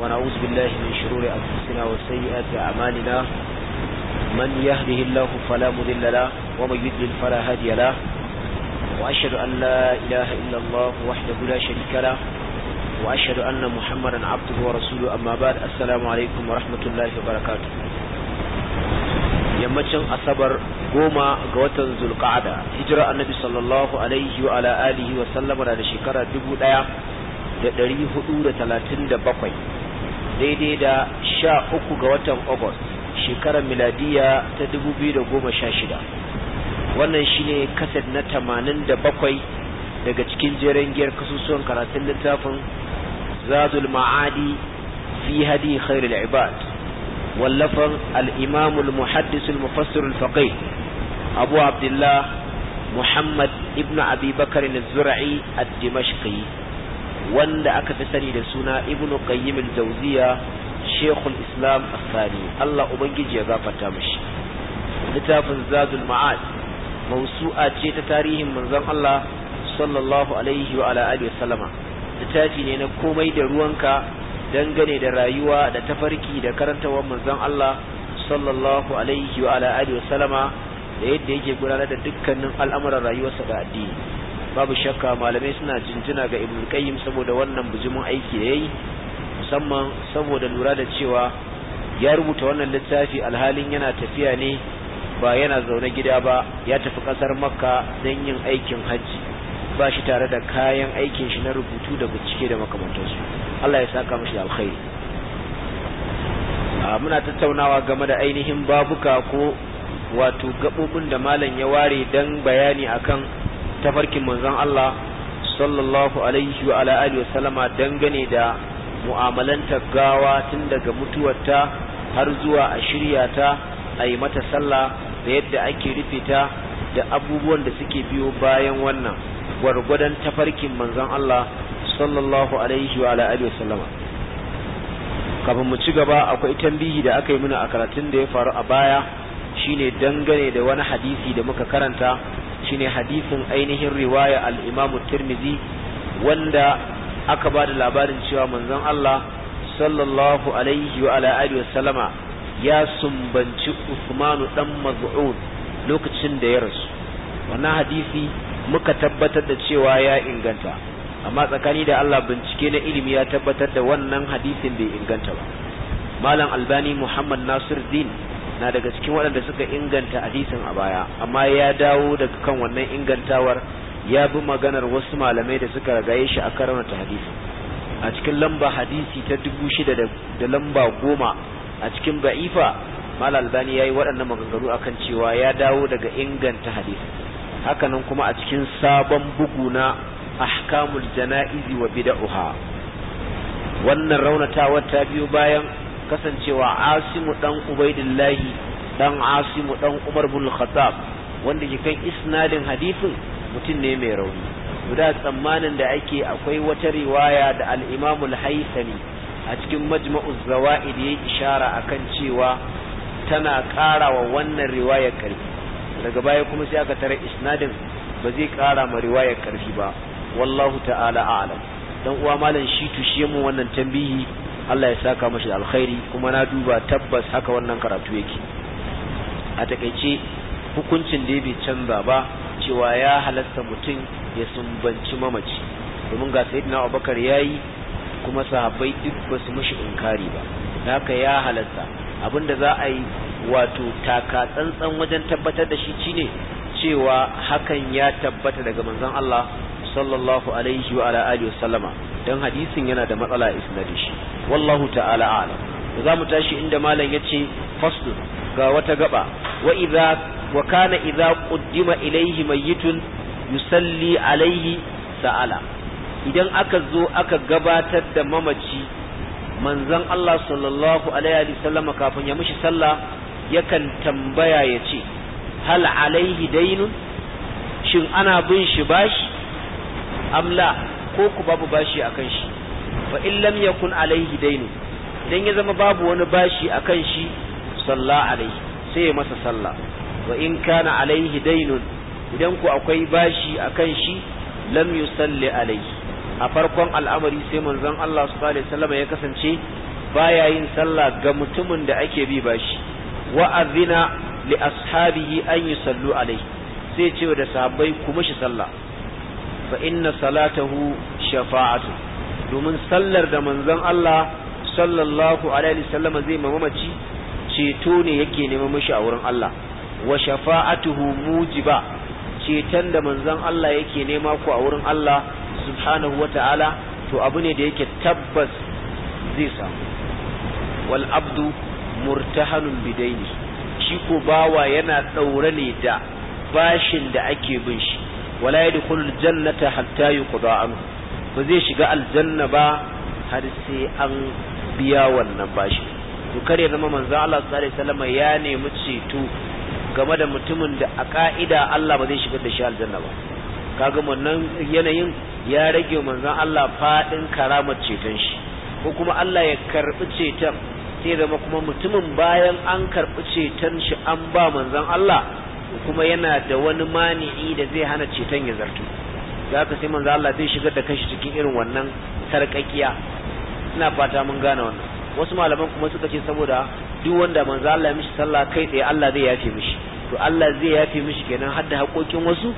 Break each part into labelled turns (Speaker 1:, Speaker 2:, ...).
Speaker 1: ونعوذ بالله من شرور أنفسنا وسيئات أعمالنا من يهده الله فلا مذل له ومن يدلل فلا هادي له وأشهد أن لا إله إلا الله وحده لا شريك له وأشهد أن محمدا عبده ورسوله أما بعد السلام عليكم ورحمة الله وبركاته yammacin asabar goma ga watan zulqa'ada hijira annabi sallallahu alaihi wa ala alihi wa sallama da shekara dubu daya da dari hudu da talatin da bakwai daidai da sha uku ga watan August shekarar miladiya ta dubu biyu da goma sha shida wannan shine kaset na tamanin da bakwai daga cikin jeren giyar kasusuwan karatun littafin zazul ma'adi fi hadi khairul ibad wallafan al-imam al-muhaddis al-mufassir abu abdullah muhammad ibn abi bakr al a dimashqi wanda aka fi sani da suna ibnu qayyim al-jawziya shaykhul islam asani Allah ubangiji ya gafarta mishi littafin zadul ma'ad mawsu'a ce ta tarihin manzon Allah sallallahu alaihi wa ala alihi littafi ne na komai da ruwanka dangane da rayuwa da tafarki da karantawar manzon Allah sallallahu alaihi wa ala alihi da yadda yake gudanar da dukkanin al'amuran rayuwarsa da addini babu shakka malamai suna jinjina ga ibn qayyim saboda wannan bujumin aiki da yayi musamman saboda lura da cewa ya rubuta wannan littafi alhalin yana tafiya ne ba yana zaune gida ba ya tafi kasar makka don yin aikin hajji ba shi tare da kayan aikin shi na rubutu da bincike da makamantarsu Allah ya saka mashi alkhairi. alkhairi muna tattaunawa game da ainihin babuka ko wato gaɓoɓin da malam ya ware dan bayani akan tafarkin manzon Allah sallallahu alaihi wa ala alihi wasallama dangane da mu'amalantar gawa tun daga mutuwarta har zuwa a shirya ta a yi mata sallah da yadda ake rufe ta da abubuwan da suke biyo bayan wannan gwargwadon tafarkin manzon Allah sallallahu alaihi wa ala alihi wasallama kafin mu ci gaba akwai tambihi da aka yi mana a karatun da ya faru a baya shine dangane da wani hadisi da muka karanta ne hadisin ainihin riwaya alimamu imam Tirmidhi wanda aka ba da labarin cewa manzon Allah sallallahu alaihi wa alihi wa ya sumbanci Usmanu dan Maz'un lokacin da ya rasu wannan hadisi muka tabbatar da cewa ya inganta amma tsakani da Allah bincike na ilimi ya tabbatar da wannan hadisin bai inganta ba malam albani muhammad nasir din na daga cikin waɗanda suka inganta hadisin a baya amma ya dawo daga kan wannan ingantawar ya bi maganar wasu malamai da suka ragaye shi a karanta hadisin a cikin lamba hadisi ta dubu shida da lamba goma a cikin ba'ifa mal albani ya yi waɗannan maganganu akan cewa ya dawo daga inganta hadisin hakanan kuma a cikin sabon bugu na ahkamul jana'izi wa oha wannan raunatawar ta biyo bayan kasancewa asimu dan ubaidillahi dan asimu dan umar bin khattab wanda ke kan isnadin hadisin mutum ne mai rauni guda tsammanin da ake akwai wata riwaya da al'imamul imamu a cikin majma'u zawaid ya ishara akan cewa tana ƙara wa wannan riwaya ƙarfi daga baya kuma sai aka tare isnadin ba zai ƙara ma riwaya ƙarfi ba wallahu ta'ala a'lam dan uwa malam shi tushe mu wannan tambihi Allah ya saka mashi da alkhairi kuma na duba tabbas haka wannan karatu yake a takaice hukuncin da bai canza ba cewa ya halasta mutum ya sumbanci mamaci domin ga sayyidina Abubakar yayi kuma sahabbai duk ba su mishi inkari ba haka ya halasta abinda za a yi wato taka tsantsan wajen tabbatar da shi shine cewa hakan ya tabbata daga manzon Allah sallallahu alaihi wa ala alihi sallama dan hadisin yana da matsala isnadin shi wallahu ta'ala a'lam za mu tashi inda malam yace fasl ga wata gaba wa idza wa kana idza quddima ilayhi mayyitun yusalli alayhi sa'ala idan aka zo aka gabatar da mamaci manzon Allah sallallahu alaihi wasallam kafin ya mishi sallah yakan tambaya yace hal alaihi dainun shin ana bin shi bashi amla ko ku babu bashi akan shi fa in lam yakun alaihi dainu idan ya zama babu wani bashi akan shi salla alaihi sai ya masa sallah wa in kana alaihi dainun idan ku akwai bashi akan shi lam yusalli alaihi a farkon al'amari sai manzon Allah sallallahu alaihi wasallam ya kasance baya yin sallah ga mutumin da ake bi bashi wa azina li ashabihi an yusallu alaihi sai ce da sahabbai ku mishi sallah fa inna salatahu shafa'atu domin sallar da manzon Allah sallallahu alaihi wasallam zai mamaci ceto ne yake neman mishi a wurin Allah wa shafa'atuhu mujiba ceton da manzon Allah yake nema ku a wurin Allah subhanahu wata'ala to abu ne da yake tabbas zai samu wal abdu murtahanun bidaini shi ko bawa yana tsaurane da bashin da ake bin shi wala yadkhulul jannata hatta yuqda anhu ba zai shiga aljanna ba har sai an biya wannan bashi to kare zama manzo Allah sallallahu alaihi wasallam ya nemi ceto game da mutumin da a ka'ida Allah ba zai shigar da shi aljanna ba kaga wannan yanayin ya rage manzon Allah fadin karamar ceton shi ko kuma Allah ya karbi ceton sai zama kuma mutumin bayan an karɓi ceton shi an ba manzon Allah kuma yana da wani mani'i da zai hana ceton ya zartu ka sai manzo Allah zai shigar da kashi cikin irin wannan sarkakiya ina fata mun gane wannan wasu malaman kuma suka ce saboda duk wanda manzo Allah ya mishi sallah kai tsaye Allah zai yafe mishi to Allah zai yafe mishi kenan har da haƙoƙin wasu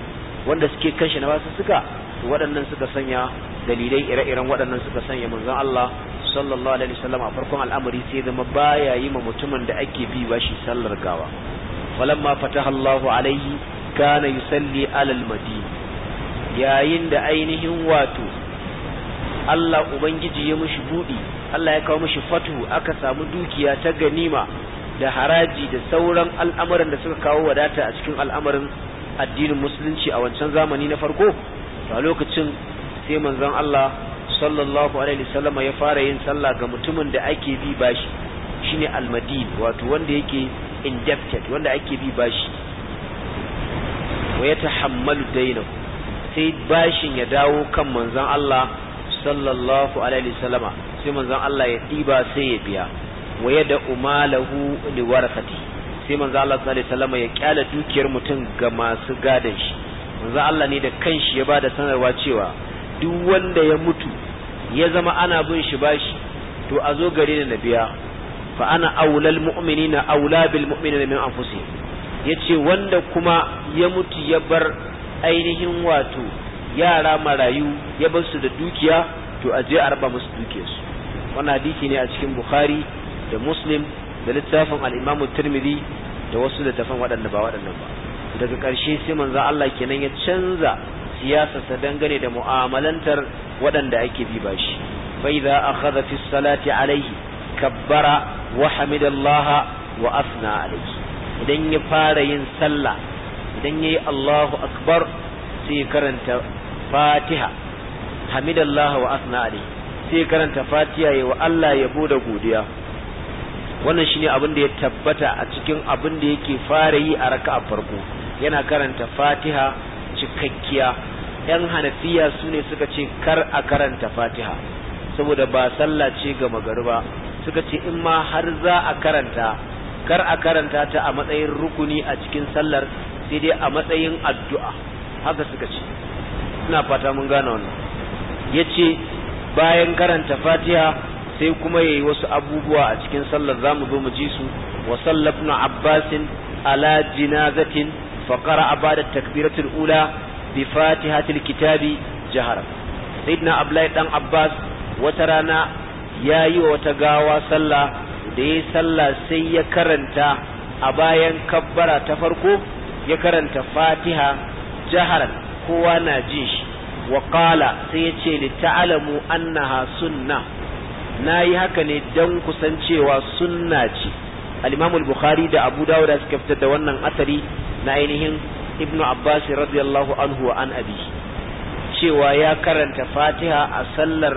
Speaker 1: wanda suke kashe na wasu suka to waɗannan suka sanya dalilai ire-iren waɗannan suka sanya manzon Allah sallallahu alaihi wasallam a farkon al'amari sai zama baya yi ma mutumin da ake bi bashi sallar gawa فلما فتح الله عليه كان yusalli على madina yayin da ainihin wato Allah ubangiji ya mushi budi Allah ya kawo mushi fatu aka samu dukiya ta ganima da haraji da sauran al'amuran da suka kawo wadata a cikin al'amarin addinin musulunci a wancan zamani na farko a lokacin sai manzon Allah sallallahu alaihi wasallam ya fara yin sallah ga mutumin da ake bi bashi shine almadin wato wanda yake indebted wanda ake bi bashi wa ya tahammalu dainu sai bashin ya dawo kan manzon Allah sallallahu alaihi wasallama sai manzon Allah ya diba sai ya biya waya da umalahu li warasati sai manzon Allah sallallahu alaihi wasallama ya kyala dukiyar mutum ga masu gadan shi manzon Allah ne da kanshi ya bada sanarwa cewa duk wanda ya mutu ya zama ana bin shi bashi to a zo gare ni na biya fa ana aulal mu'minina aula bil mu'minina min anfusihim yace wanda kuma ya mutu ya bar ainihin wato yara marayu ya bar su da dukiya to a je a raba musu dukiyarsu wannan hadisi ne a cikin bukhari da muslim da littafin al-imam tirmidhi da wasu littafan waɗanda ba waɗannan ba daga ƙarshe sai manzo Allah kenan ya canza siyasarsa dangane da mu'amalantar waɗanda ake bi bashi fa idza akhadha fi salati alayhi kabbara wa hamidallaha wa asna idan ya fara yin sallah idan yayi Allahu akbar sai karanta Fatiha hamidallaha wa asna alayhi sai karanta Fatiha yayi wa Allah ya da godiya wannan shine abin da ya tabbata a cikin abin da yake fara yi a raka'a farko yana karanta Fatiha cikakkiya yan hanafiya su ne suka ce kar a karanta fatiha saboda ba sallah ce ga magariba suka ce in ma har za a karanta kar a karanta ta a matsayin rukuni a cikin sallar sai dai a matsayin addu'a haka suka ce ina fata mun gane wannan yace bayan karanta fatiha sai kuma yayi wasu abubuwa a cikin sallar zamu zo mu ji su wa sallabna abbasin ala jinazatin fa qara'a ba'da takbiratul ula bi fatihatil kitabi jahara sayyidina abdullahi dan abbas wata rana ya yi wa wata gawa sallah da ya sallah sai ya karanta a bayan kabbara ta farko ya karanta fatiha jahar kowa na ji shi wa kala sai ya ce li ta'alamu annaha sunna yi haka ne dan kusancewa sunna ce al bukhari da Abu Dawud suka fitar da wannan asari na ainihin Ibn Abbas radiyallahu anhu wa an abi cewa ya karanta Fatiha a sallar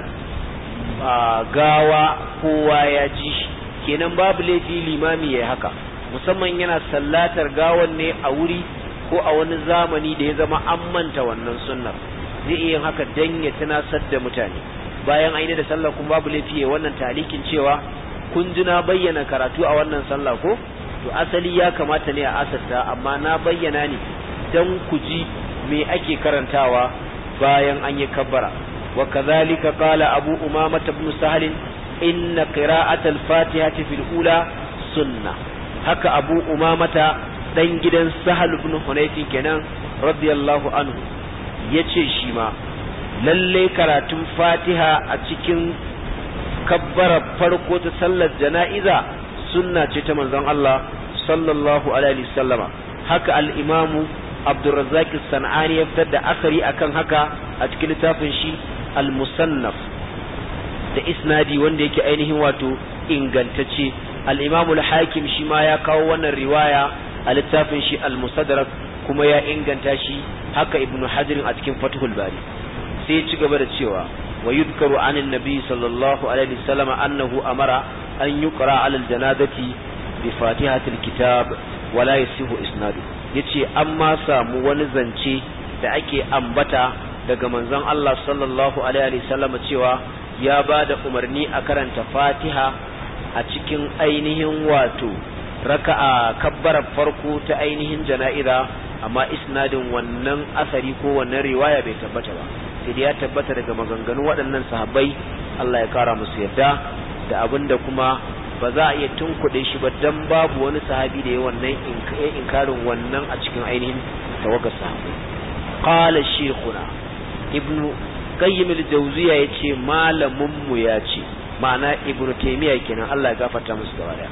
Speaker 1: gawa kowa ya ji shi kenan babu laifi limami ya haka musamman yana sallatar gawan ne a wuri ko a wani zamani da ya zama an manta wannan sunnar zai iya haka dan ya tunasar da mutane bayan aini da sallar kun babu laifi ya wannan talikin cewa kun ji na bayyana karatu a wannan sallah ko to asali ya kamata ne a asarta amma na bayyana ne dan ku ji me ake karantawa bayan an yi kabbara وكذلك قال أبو أمامة بن سهل إن قراءة الفاتحة في الأولى سنة هكا أبو أمامة دنجدا سهل بن حنيف كنان رضي الله عنه يتشي شما للي كراتم فاتحة أتكين كبر فرقوة صلى الجنائزة سنة تتمنى الله صلى الله عليه وسلم هكا الإمام Abdulrazak San'ani ya fitar da akari akan haka a cikin littafin shi Almusannaf da isnadi wanda yake ainihin wato ingantacce al-imamu al-hakim shi ma ya kawo wannan riwaya a littafin shi al-musaddarak kuma ya inganta shi haka ibn hajarin a cikin fathul bari sai ci gaba da cewa wa yudkaru anin nabi sallallahu alaihi wasallam annahu amara an yuqra ala al-janazati bi fatihatil kitab wala yasihu isnadu yace amma samu wani zance da ake ambata daga manzon Allah sallallahu alaihi wasallam cewa ya ba da umarni a karanta Fatiha a cikin ainihin wato raka'a kabbara farko ta ainihin jana'iza amma isnadin wannan asari ko wannan riwaya bai tabbata ba sai ya tabbata daga maganganu waɗannan sahabbai Allah ya kara musu yarda da abinda kuma ba za a iya tunkuɗe shi ba dan babu wani sahabi da ya wannan inkarin wannan a cikin ainihin tawagar sahabbai qala shaykhuna ibnu qayyim al-jawziya yace malamin mu yace ma'ana ibnu taymiya kenan Allah ya gafarta musu gaba daya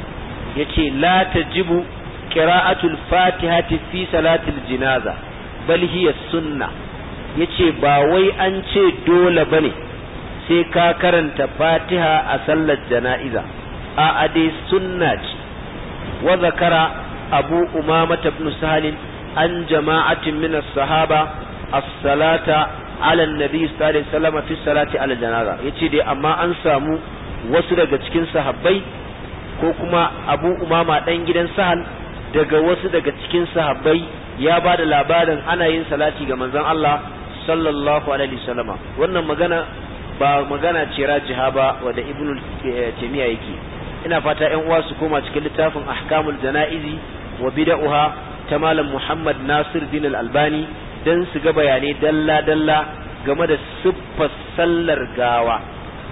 Speaker 1: yace la tajibu qira'atul fatihati fi salatil jinaza bal hiya sunna yace ba wai an ce dole bane sai ka karanta fatiha a sallar jana'iza a adai sunna ce wa zakara abu umama ibn salim an jama'atin min as-sahaba as-salata ala nabi sallallahu alaihi fi salati ala janaza yace dai amma an samu wasu daga cikin sahabbai ko kuma Abu Umama dan gidan Sahal daga wasu daga cikin sahabbai ya ba da labarin ana yin salati ga manzon Allah sallallahu alaihi wasallam wannan magana ba magana ce rajiha ba wanda Ibn Taymiyyah yake ina fata ƴan uwa su koma cikin littafin Ahkamul Janaizi wa Bid'aha ta Malam Muhammad Nasir bin Al-Albani don su ga bayanai dalla-dalla game da siffar sallar gawa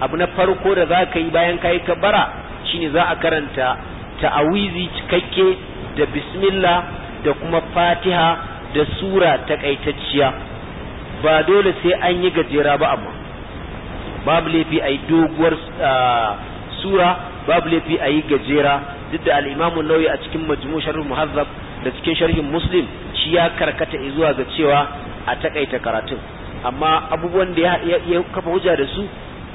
Speaker 1: abu na farko da za ka yi bayan ka yi kabbara shine za a karanta ta'awizi cikakke da bismillah da kuma fatiha da sura takaitacciya ba dole sai an yi gajera ba amma babu laifi a yi doguwar sura babu laifi a yi gajera duk da al'imamun nauyi a cikin majmu sharhin muhazzab da cikin sharhin muslim shi ya karkata zuwa ga cewa a takaita karatun amma abubuwan da ya kafa hujja da su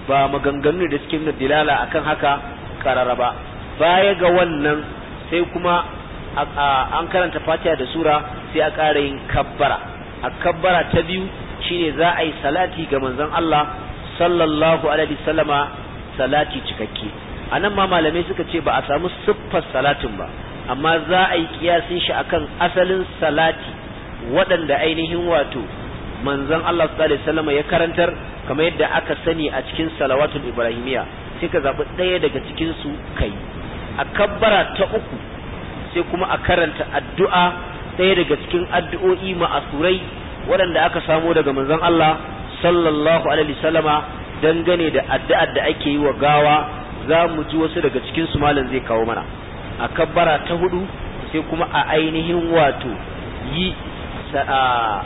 Speaker 1: ba maganganu da suke nuna dilala akan haka karara ba baya ga wannan sai kuma an karanta fatiha da sura sai a ƙara yin kabbara a kabbara ta biyu shine za a yi salati ga manzon Allah sallallahu alaihi sallama salati cikakke anan ma malamai suka ce ba a samu siffar salatin ba amma za a yi kiyasin shi akan asalin salati waɗanda ainihin wato manzon Allah sallallahu alaihi wasallam ya karantar kamar yadda aka sani a cikin salawatul ibrahimiya sai ka zabi ɗaya daga cikin su kai a kabbara ta uku sai kuma a karanta addu'a ɗaya daga cikin addu'o'i ma'asurai waɗanda aka samo daga manzon Allah sallallahu alaihi wasallama dangane da addu'ar da ake yi wa gawa za mu ji wasu daga cikin su malam zai kawo mana a kabbara ta hudu sai kuma a ainihin wato yi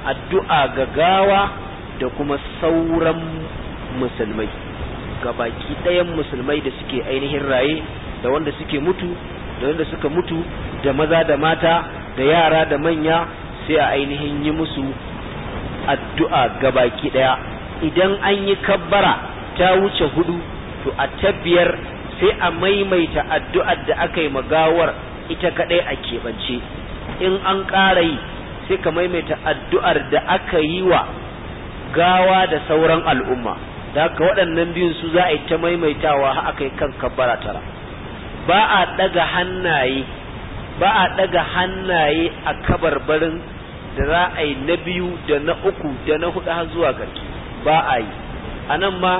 Speaker 1: addu'a ga gawa da kuma sauran musulmai ga baki ɗayan musulmai da suke ainihin raye da wanda suke mutu da wanda suka mutu da maza da mata da yara da manya sai a ainihin yi musu addu'a ga baki ɗaya idan an yi kabbara ta wuce hudu to a tabbiyar sai a maimaita addu'ar da aka yi magawar ita kadai a keɓance in an ƙara yi sai ka maimaita addu'ar da aka yi wa gawa da sauran al'umma da haka waɗannan biyun su za a yi ta maimaitawa har aka yi kan kabbara tara ba a ɗaga hannaye ba a ɗaga hannaye a kabarbarin da za a yi na biyu da na uku da na hudu har zuwa garki ba a yi a nan ma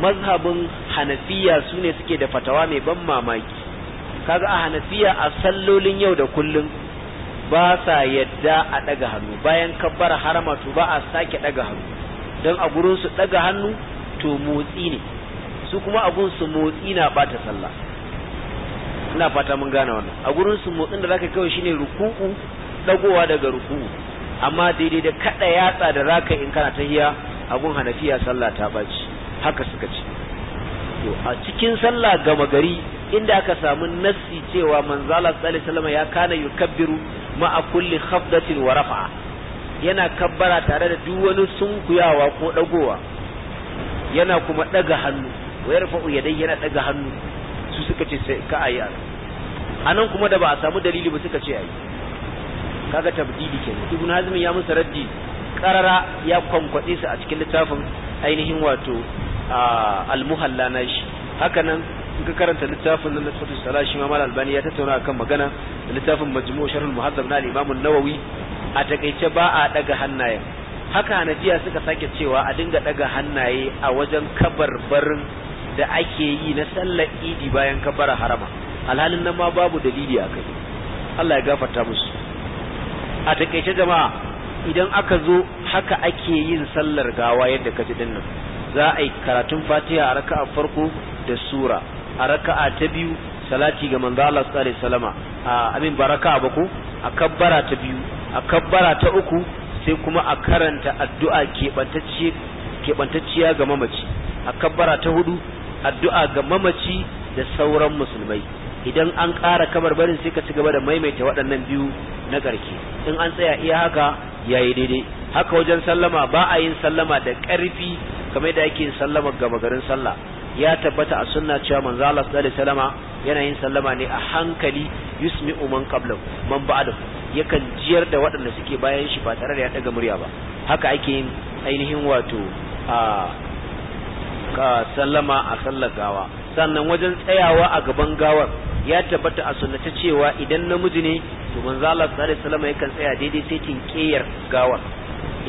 Speaker 1: mazhabin hanafiya su ne suke da fatawa mai ban mamaki kaga a hanafiya a sallolin yau da kullum ba sa yadda a ɗaga hannu bayan kabbar harama to ba a sake ɗaga hannu don a gurin su ɗaga hannu to motsi ne su kuma a gurin su motsi na bata sallah ina fata mun gane wannan a gurin su motsin da zaka kai shine ruku'u dagowa daga ruku'u amma daidai da kada yatsa da zaka in kana tahiya a hanafiya sallah ta baci haka suka ce to a cikin sallah gama gari inda aka samu nassi cewa manzo Allah sallallahu alaihi wasallam ya kana yukabbiru a kulli khafdatin wa rafa'a yana kabbara tare da duk wani sunkuyawa ko dagowa yana kuma daga hannu wa yarfa'u yadai yana daga hannu su suka ce sai ka ayi anan kuma da ba a samu dalili ba suka ce ayi kaga tabdidi kenan ibnu hazm ya musa raddi qarara ya kwankwade su a cikin littafin ainihin wato al-muhalla na shi haka nan ka karanta littafin na nasfatu salah shi mamal albani ya tattauna akan magana da littafin majmu' sharh al-muhaddab na al-imam nawawi a takeice ba a daga hannaye haka hanafiya suka sake cewa a dinga daga hannaye a wajen kabarbarin da ake yi na sallar idi bayan kabara harama alhalin nan ma babu dalili a kai. Allah ya gafarta musu a takeice jama'a idan aka zo haka ake yin sallar gawa yadda ka ji dinnan za a yi karatun fatiha a raka'a farko da sura a raka'a ta biyu salati ga manzo Allah sallallahu alaihi wasallama a amin baraka ba ko a kabbara ta biyu a kabbara ta uku sai kuma a karanta addu'a keɓantacce keɓantacciya ga mamaci a kabbara ta hudu addu'a ga mamaci da sauran musulmai idan an ƙara kamar barin sai ka ci gaba da maimaita waɗannan biyu na ƙarke in an tsaya iya haka yayi daidai haka wajen sallama ba a yin sallama da ƙarfi kamar da yake sallama gaba garin sallah ya tabbata a sunna cewa manzo Allah sallallahu alaihi wasallama yana yin sallama ne a hankali yusmi umman qablu man ba'du yakan jiyar da waɗanda suke bayan shi ba tare da ya daga murya ba haka ake yin ainihin wato a ka sallama a sallar gawa sannan wajen tsayawa a gaban gawar ya tabbata a sunnata cewa idan namiji ne to manzo Allah sallallahu alaihi wasallama yakan tsaya daidai sai keyar gawar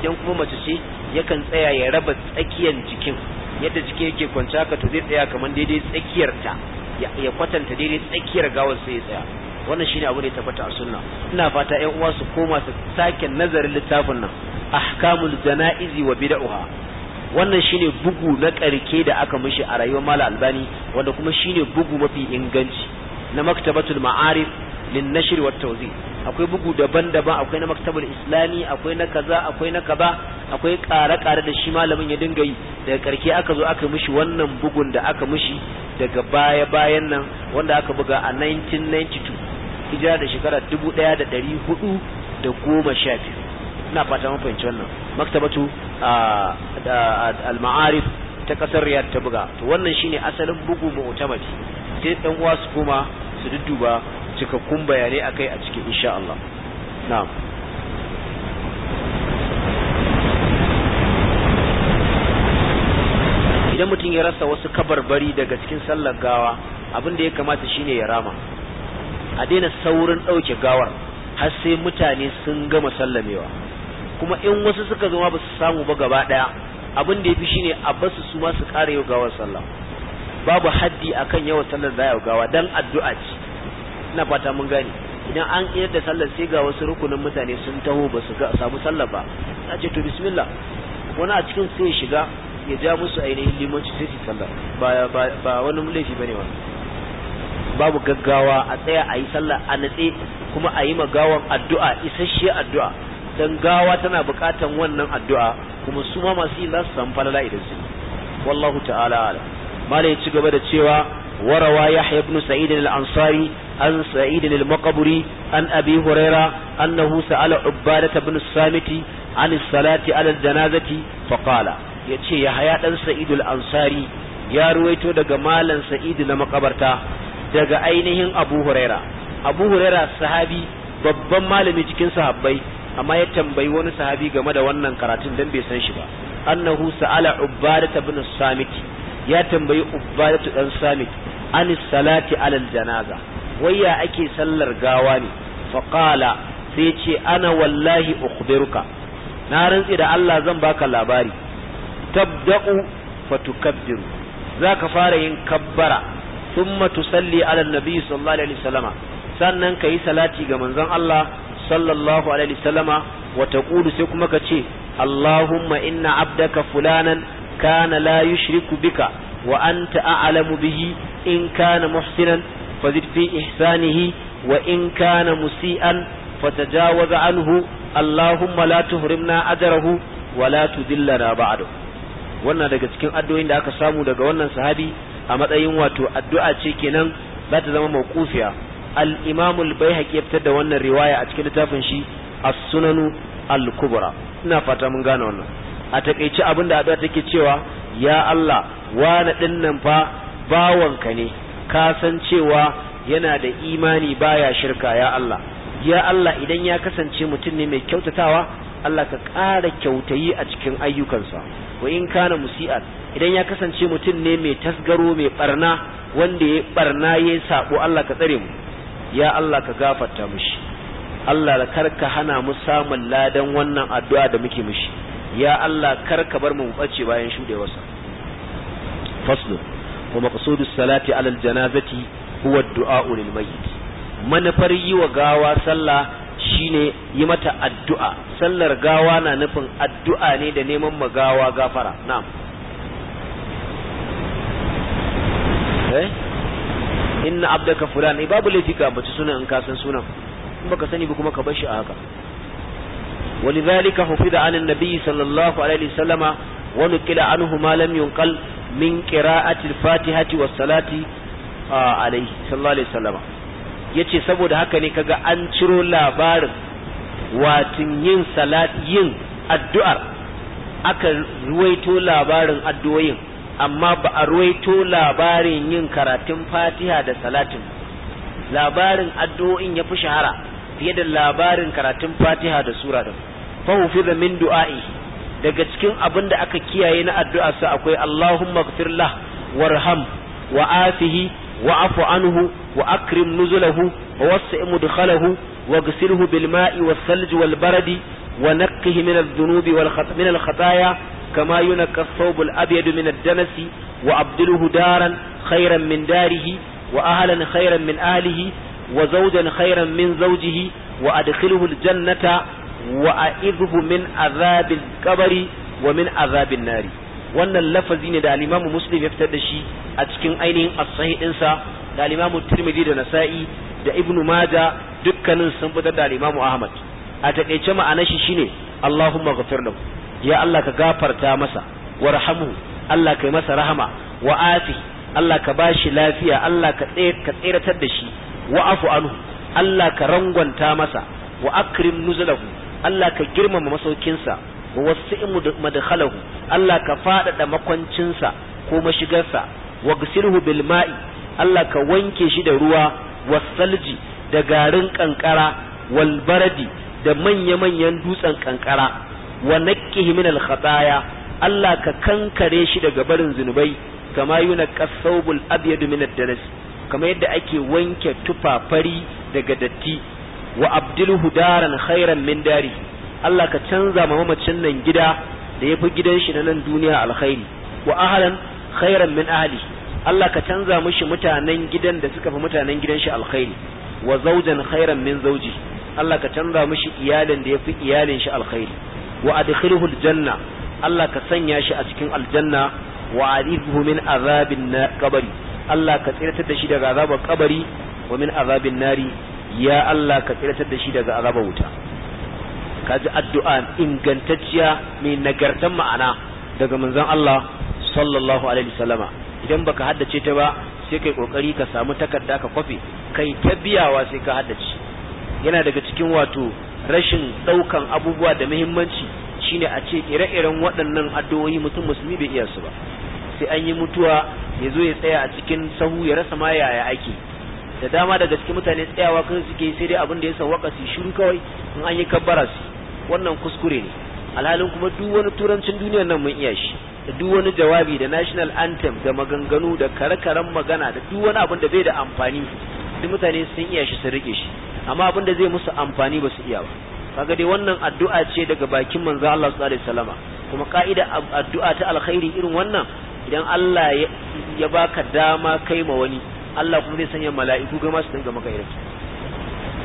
Speaker 1: idan kuma mace ce yakan tsaya ya raba tsakiyar jikin yadda jikin yake kwanci haka to zai tsaya kamar daidai tsakiyar ta ya kwatanta daidai tsakiyar gawar sai ya tsaya wannan shine abu da tabbata a sunna ina fata ƴan uwa su koma su sake nazarin littafin nan ahkamul janaizi wa bid'uha wannan shine bugu na ƙarke da aka mishi a rayuwar mala albani wanda kuma shine bugu mafi inganci na maktabatul ma'arif lin nashr wa tawzi akwai bugu daban-daban akwai na maktabar islami akwai na kaza akwai na kaza akwai ƙare-ƙare da shi malamin ya dinga yi daga karke aka zo aka mishi wannan bugun da aka mishi daga baya-bayan nan wanda aka buga a 1992 hijira da shekara 1412 ina fata mafahimci wannan maktabatu al-ma'arif ta kasar riyad ta buga to wannan shine asalin bugu mu'tamadi sai dan uwa su koma su dudduba cikakkun bayanai akai a cikin insha Allah na'am idan mutum ya rasa wasu kabarbari daga cikin sallar gawa abin ya kamata shine ya rama a daina saurin ɗauke gawar har sai mutane sun gama sallamewa kuma in wasu suka zama ba su samu ba gaba ɗaya abin da ya fi shine a basu su ma su ƙara yau gawar sallah babu haddi akan yawan sallar da gawa dan addu'a ce ina fata mun gane idan an iya da sallar sai ga wasu rukunin mutane sun taho ba su samu sallar ba a ce to bismillah wani a cikin sai shiga ya ja musu ainihin limanci sai su sallar ba ba wani laifi ne wani babu gaggawa a tsaya a yi sallar a natse kuma a yi magawan addu'a isasshe addu'a dan gawa tana bukatan wannan addu'a kuma su ma masu yi za su samu falala idan su wallahu ta'ala ala ya ci gaba da cewa وروى يحيى بن سعيد الأنصاري عن سعيد المقبري عن أبي هريرة أنه سأل عبادة بن الصامت عن الصلاة على الجنازة فقال يتشي يحيى بن سعيد الأنصاري يا رويتو دقى مالا سعيد لمقبرتا دقى أينهن أبو هريرة أبو هريرة صحابي babban malami cikin sahabbai amma ya tambayi wani sahabi game da wannan karatun dan bai san shi ba annahu sa'ala ubadata ibn samiti ya tambayi ubadatu dan samit an salati alal janaza ya ake sallar gawa ne fa sai ce ana wallahi ukhbiruka na rantsi da Allah zan baka labari tabda'u fatukabbiru zaka fara yin kabbara thumma tusalli ala nabi sallallahu alaihi wasallama sannan kayi salati ga manzon Allah sallallahu alaihi wasallama wa taqulu sai kuma ka ce Allahumma inna abdaka fulanan kana la yushriku bika wa anta a'lamu bihi in kana muhsinan fazid fi ihsanihi wa in kana musian fatajawaz anhu allahumma la tuhrimna ajarahu wa la tudillana ba'dahu wannan daga cikin addu'o'in da aka samu daga wannan sahabi a matsayin wato addu'a ce kenan za ta zama mawqufiya al'imamul imam al da wannan riwaya a cikin littafin shi a sunanu al-kubra ina fata mun gane wannan a takeici abin da addu'a take cewa ya Allah wani din nan fa bawanka ne ka san cewa yana da imani baya shirka ya Allah ya Allah idan ya kasance mutum ne mai kyautatawa Allah ka ƙara kyautayi a cikin ayyukansa wa in kana musi'at idan ya kasance mutum ne mai tasgaro mai barna wanda ya barna ya sabo Allah ka tsare mu ya Allah ka gafarta mushi Allah kar ka hana mu samun ladan wannan addu'a da muke mushi ya Allah kar ka bar mu mu bace bayan shudewarsa faslu wa maqsudu salati alal janazati huwa ad-du'a lil mayyit manufar yi wa gawa sallah shine yi mata addu'a sallar gawa na nufin addu'a ne da neman magawa gafara na'am eh inna abdaka fulan eh, babu laifi ka bace sunan in ka san sunan in baka sani ba kuma ka bar shi a haka ولذلك حفظ عن النبي صلى الله عليه وسلم ونقل عنه ما لم ينقل من قراءة الفاتحة والصلاة عليه صلى الله عليه وسلم yace saboda haka ne kaga an ciro labarin watin yin salat yin addu'ar aka ruwaito labarin addu'o'in amma ba a ruwaito labarin yin karatun fatiha da salatin labarin addu'o'in ya fi shahara fiye da labarin karatun fatiha da sura da fahufiza min du'a'i daga cikin abin da aka kiyaye na addu'a sa akwai Allahumma ghfir warham wa afihi wa afu anhu wa akrim nuzulahu wa wasi' mudkhalahu wa ghsilhu bilma'i ma'i was salji wal wa naqqihi min adh-dhunubi wal khata' min al-khataya kama yunqqa ath-thawb al-abyad min ad wa abdilhu daran khayran min darihi wa ahlan khayran min ahlihi wa zawjan khayran min zawjihi wa adkhilhu al-jannata wa a'idhu min azabil qabri wa min azabin nari wannan lafazi ne da al-Imam Muslim ya fitar da shi a cikin ainihin as ɗinsa dinsa da Tirmidhi da Nasa'i da Ibn maja dukkanin sun fitar da al Ahmad a takeice ma'anar shi shine Allahumma ghafir lahu ya Allah ka gafarta masa warhamhu Allah kai masa rahama wa afi Allah ka bashi lafiya Allah ka tseratar da shi wa afu anhu Allah ka rangwanta masa wa akrim nuzulahu Allah ka girmama masaukinsa wa wasu wasi'u madakhalahu Allah ka faɗaɗa makwancinsa ko mashigarsa wa gsilhu bil ma'i Allah ka wanke shi da ruwa wa salji da garin kankara wal baradi da manya-manyan dutsen kankara wa naqqihi min al khataya Allah ka kankare shi daga barin zunubai kama yuna kasawbul abyad min ad-dalas kama yadda ake wanke tufafari daga datti wa abdilhu daran khairan min dari Allah ka canza ma mamacin nan gida da gidan shi na nan duniya alkhairi wa ahlan khairan min ahli Allah ka canza mishi mutanen gidan da suka fi mutanen gidan shi alkhairi wa zawjan khairan min zawji Allah ka canza mishi iyalin da yafi iyalin shi alkhairi wa adkhilhu aljanna Allah ka sanya shi a cikin aljanna wa alifu min azabin kabari Allah ka tsiratar da shi daga azabar kabari wa min azabin nari ya Allah ka tsiratar da shi daga azabar wuta ka ji addu'a ingantacciya mai nagartan ma'ana daga manzon Allah sallallahu alaihi wasallama idan baka haddace ta ba sai kai kokari ka samu takarda ka kwafi kai ta biyawa sai ka haddace yana daga cikin wato rashin daukan abubuwa da muhimmanci shine a ce ire-iren waɗannan addu'o'i mutum musulmi bai iya su ba sai an yi mutuwa ya zo ya tsaya a cikin sahu ya rasa ma yaya ake da dama daga cikin mutane tsayawa kan suke sai dai abin da ya san su shiru kawai in an yi kabbara su wannan kuskure ne alhalin kuma duk wani turancin duniyar nan mun iya shi da duk wani jawabi da national anthem da maganganu da kare-karen magana da duk wani abin da bai da amfani duk mutane sun iya shi sun rike shi amma abin da zai musu amfani ba su iya ba kaga dai wannan addu'a ce daga bakin manzo Allah sallallahu alaihi wasallam kuma ka'ida addu'a ta alkhairi irin wannan idan Allah ya baka dama kai ma wani Allah kuma zai sanya mala'iku ga masu dinga maka irin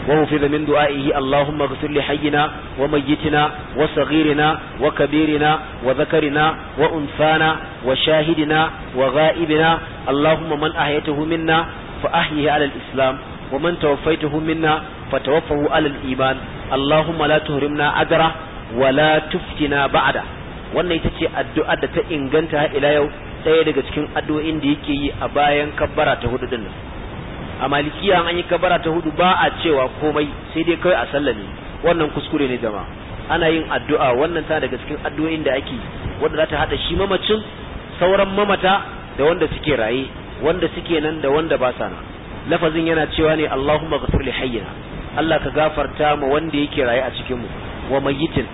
Speaker 1: wa fi min du'a'ihi Allahumma ghfir li hayyina wa mayyitina wa saghirina wa kabirina wa zakarina wa unfana wa shahidina wa ghaibina Allahumma man ahyaytuhu minna fa ahyihi 'ala al-islam wa man tawaffaytuhu minna fa tawaffahu 'ala al-iman Allahumma la tuhrimna adra wa la tuftina ba'da wannan ita ce addu'ar da ta inganta ila yau ɗaya daga cikin addu'o'in da yake yi a bayan kabbara ta hudu din a malikiya an yi kabbara ta hudu ba a cewa komai sai dai kawai a sallame wannan kuskure ne jama'a ana yin addu'a wannan ta daga cikin addu'o'in da ake wanda za ta hada shi mamacin sauran mamata da wanda suke raye wanda suke nan da wanda ba sa nan lafazin yana cewa ne Allahumma ghfir li hayyina Allah ka gafarta ma wanda yake raye a cikin mu wa mayyitin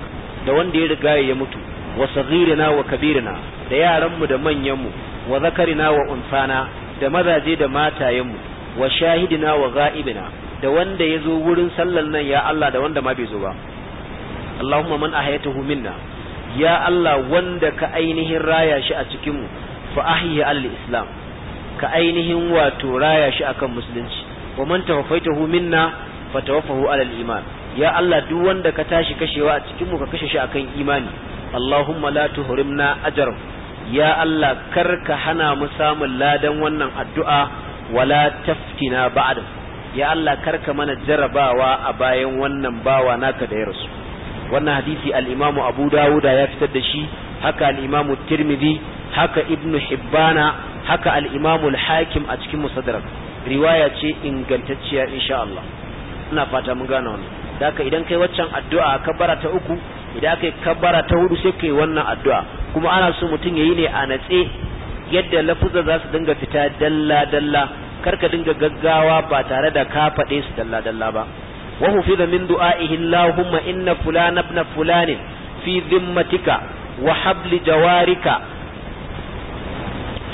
Speaker 1: da wanda ya riga ya mutu wa saghirina wa kabirina da yaranmu da manyanmu wa zakarina wa unsana da mazaje da matayenmu wa shahidina wa ga'ibina da wanda ya zo wurin sallan nan ya Allah da wanda ma bai zo ba Allahumma man ahyatahu minna ya Allah wanda ka ainihin raya shi a cikin mu fa ahyi al-islam ka ainihin wato raya shi akan musulunci wa man tawaffaitahu minna fa tawaffahu ala al-iman ya Allah duk wanda ka tashi kashewa a cikin mu ka kashe shi akan imani Allahumma la tuhrimna ajr karka hana mu samun ladan wannan addu'a wala taftina ba'd ya Allah karka mana jarabawa a bayan wannan bawa naka da ya rasu wannan hadisi al-Imam Abu ya fitar da shi haka al-Imam haka Ibn Hibbana haka al-Imam a cikin Musaddarak riwaya ce ingantacciya insha Allah ina fata mun gane wannan daka idan kai waccan addu'a ka bara ta uku idan aka yi kabbara ta hudu sai ka yi wannan addu'a kuma ana so mutum ya yi ne a natse yadda lafuza za su dinga fita dalla dalla kar ka dinga gaggawa ba tare da ka faɗe su dalla dalla ba wa hufiza min du'a'ihi Allahumma inna fulana ibn fulanin fi dhimmatika wa habli jawarika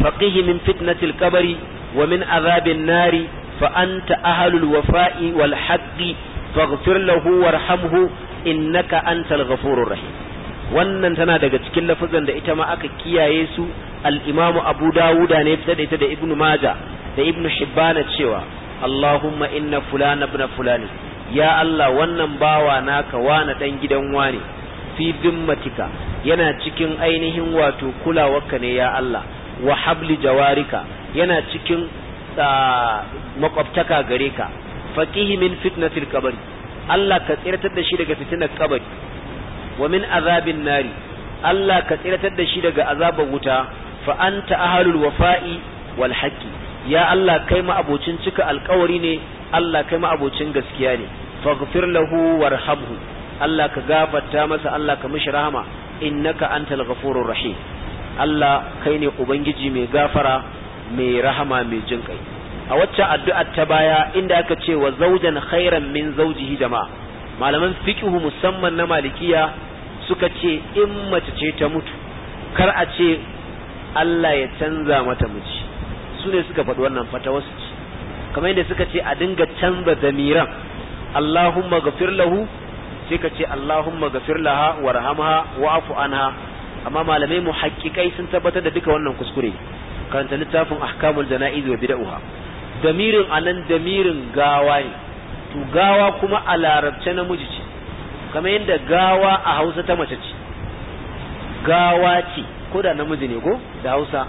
Speaker 1: faqihi min fitnatil qabri wa min azabin nari fa anta ahlul wafa'i wal haqqi faghfir lahu warhamhu innaka antal ghafurur rahim wannan tana daga cikin lafazan da ita ma aka kiyaye su al-Imam Abu Dawuda ne fitar da ita da Ibn maja da Ibn shibbana cewa Allahumma inna fulana ibn fulani ya Allah wannan bawa naka wani dan gidan wane. fi zimmatika yana cikin ainihin wato kulawarka ne ya Allah wa habli jawarika yana cikin ah, makwabtaka gare ka faqihi min fitnatil kabari Allah ka tsiratar da shi daga fitinar kabari wa min azabin nari Allah ka tsiratar da shi daga azabar wuta fa anta ahlul wafa'i wal haqqi ya Allah kai ma abocin cika alkawari ne Allah kai ma abocin gaskiya ne faghfir lahu warhamhu Allah ka gafarta masa Allah ka mishi rahama innaka antal ghafurur rahim Allah kai ne ubangiji mai gafara mai rahama mai jinkai a wacce addu'ar ta baya inda aka ce wa zaujan khairan min zaujihi jama'a malaman fiqhu musamman na malikiya suka ce in mace ce ta mutu kar a ce Allah ya canza mata miji su ne suka faɗi wannan fatawarsu kamar yadda suka ce a dinga canza damiran Allahumma gafir lahu sai ka ce Allahumma gafir laha warhamha wa'fu anha amma malamai muhaqqiqai sun tabbatar da duka wannan kuskure karanta littafin ahkamul janaiz wa bid'ah damirin anan damirin gawa ne to gawa kuma a larabce namiji ce kamar yadda gawa a hausa ta mace ce gawa ce ko da namiji ne ko da hausa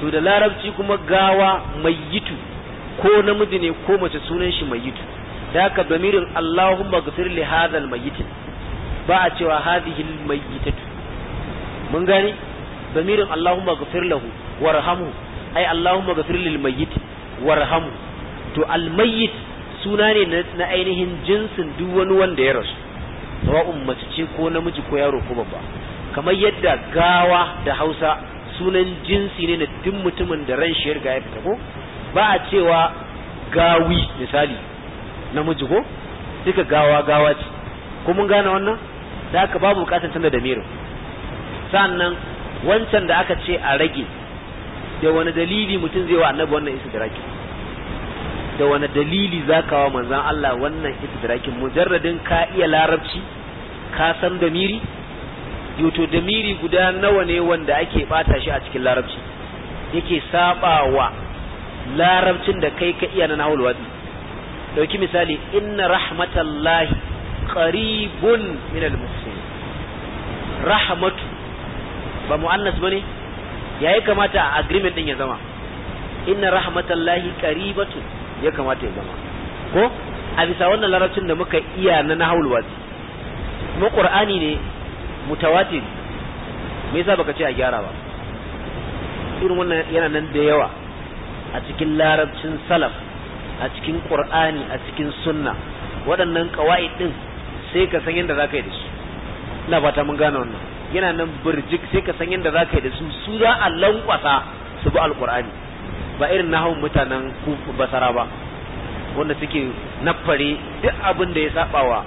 Speaker 1: to da larabci kuma gawa mai yitu ko namiji ne ko mace sunan shi mai yitu da haka damirin Allahumma gafir li hadhal mayyitin ba a cewa hadhihi mayyitatu mun gani damirin Allahumma gafir lahu warhamu ai Allahumma gafir lil mayyit warhamu to almayyit suna ne na ainihin jinsin duk wani wanda ya rasu sawa'un mace ce ko namiji ko yaro ko babba kamar yadda gawa da Hausa sunan jinsi ne na duk mutumin da ran shi ya riga ya fita ko ba a cewa gawi misali namiji ko duka gawa gawa ce ko mun gane wannan da aka babu bukatar tana da mirin sannan wancan da aka ce a rage da wani dalili mutum zai wa annabi wannan isa da rage. da wani dalili za ka wa manzan Allah wannan istidrakin mujarradin ka iya larabci ka san damiri yoto damiri guda nawa ne wanda ake bata shi a cikin larabci yake sabawa larabcin da kai ka iya na nahul wadi dauki misali inna rahmatallahi qaribun min almuslimin rahmatu ba muannas bane yayi kamata a agreement din ya zama inna rahmatallahi qaribatun ya kamata ya zama ko a bisa wannan larabcin da muka iya na nahawul wasi kuma qur'ani ne mutawatir me yasa baka ce a gyara ba irin wannan yana nan da yawa a cikin larabcin salaf a cikin qur'ani a cikin sunna waɗannan kawai din sai ka san yadda zaka yi da su ina fata mun gane wannan yana nan burjik sai ka san yadda zaka yi da su su za a lankwasa su bi alqur'ani ba irin na hau mutanen basara ba wanda suke naffare duk abin da ya saba wa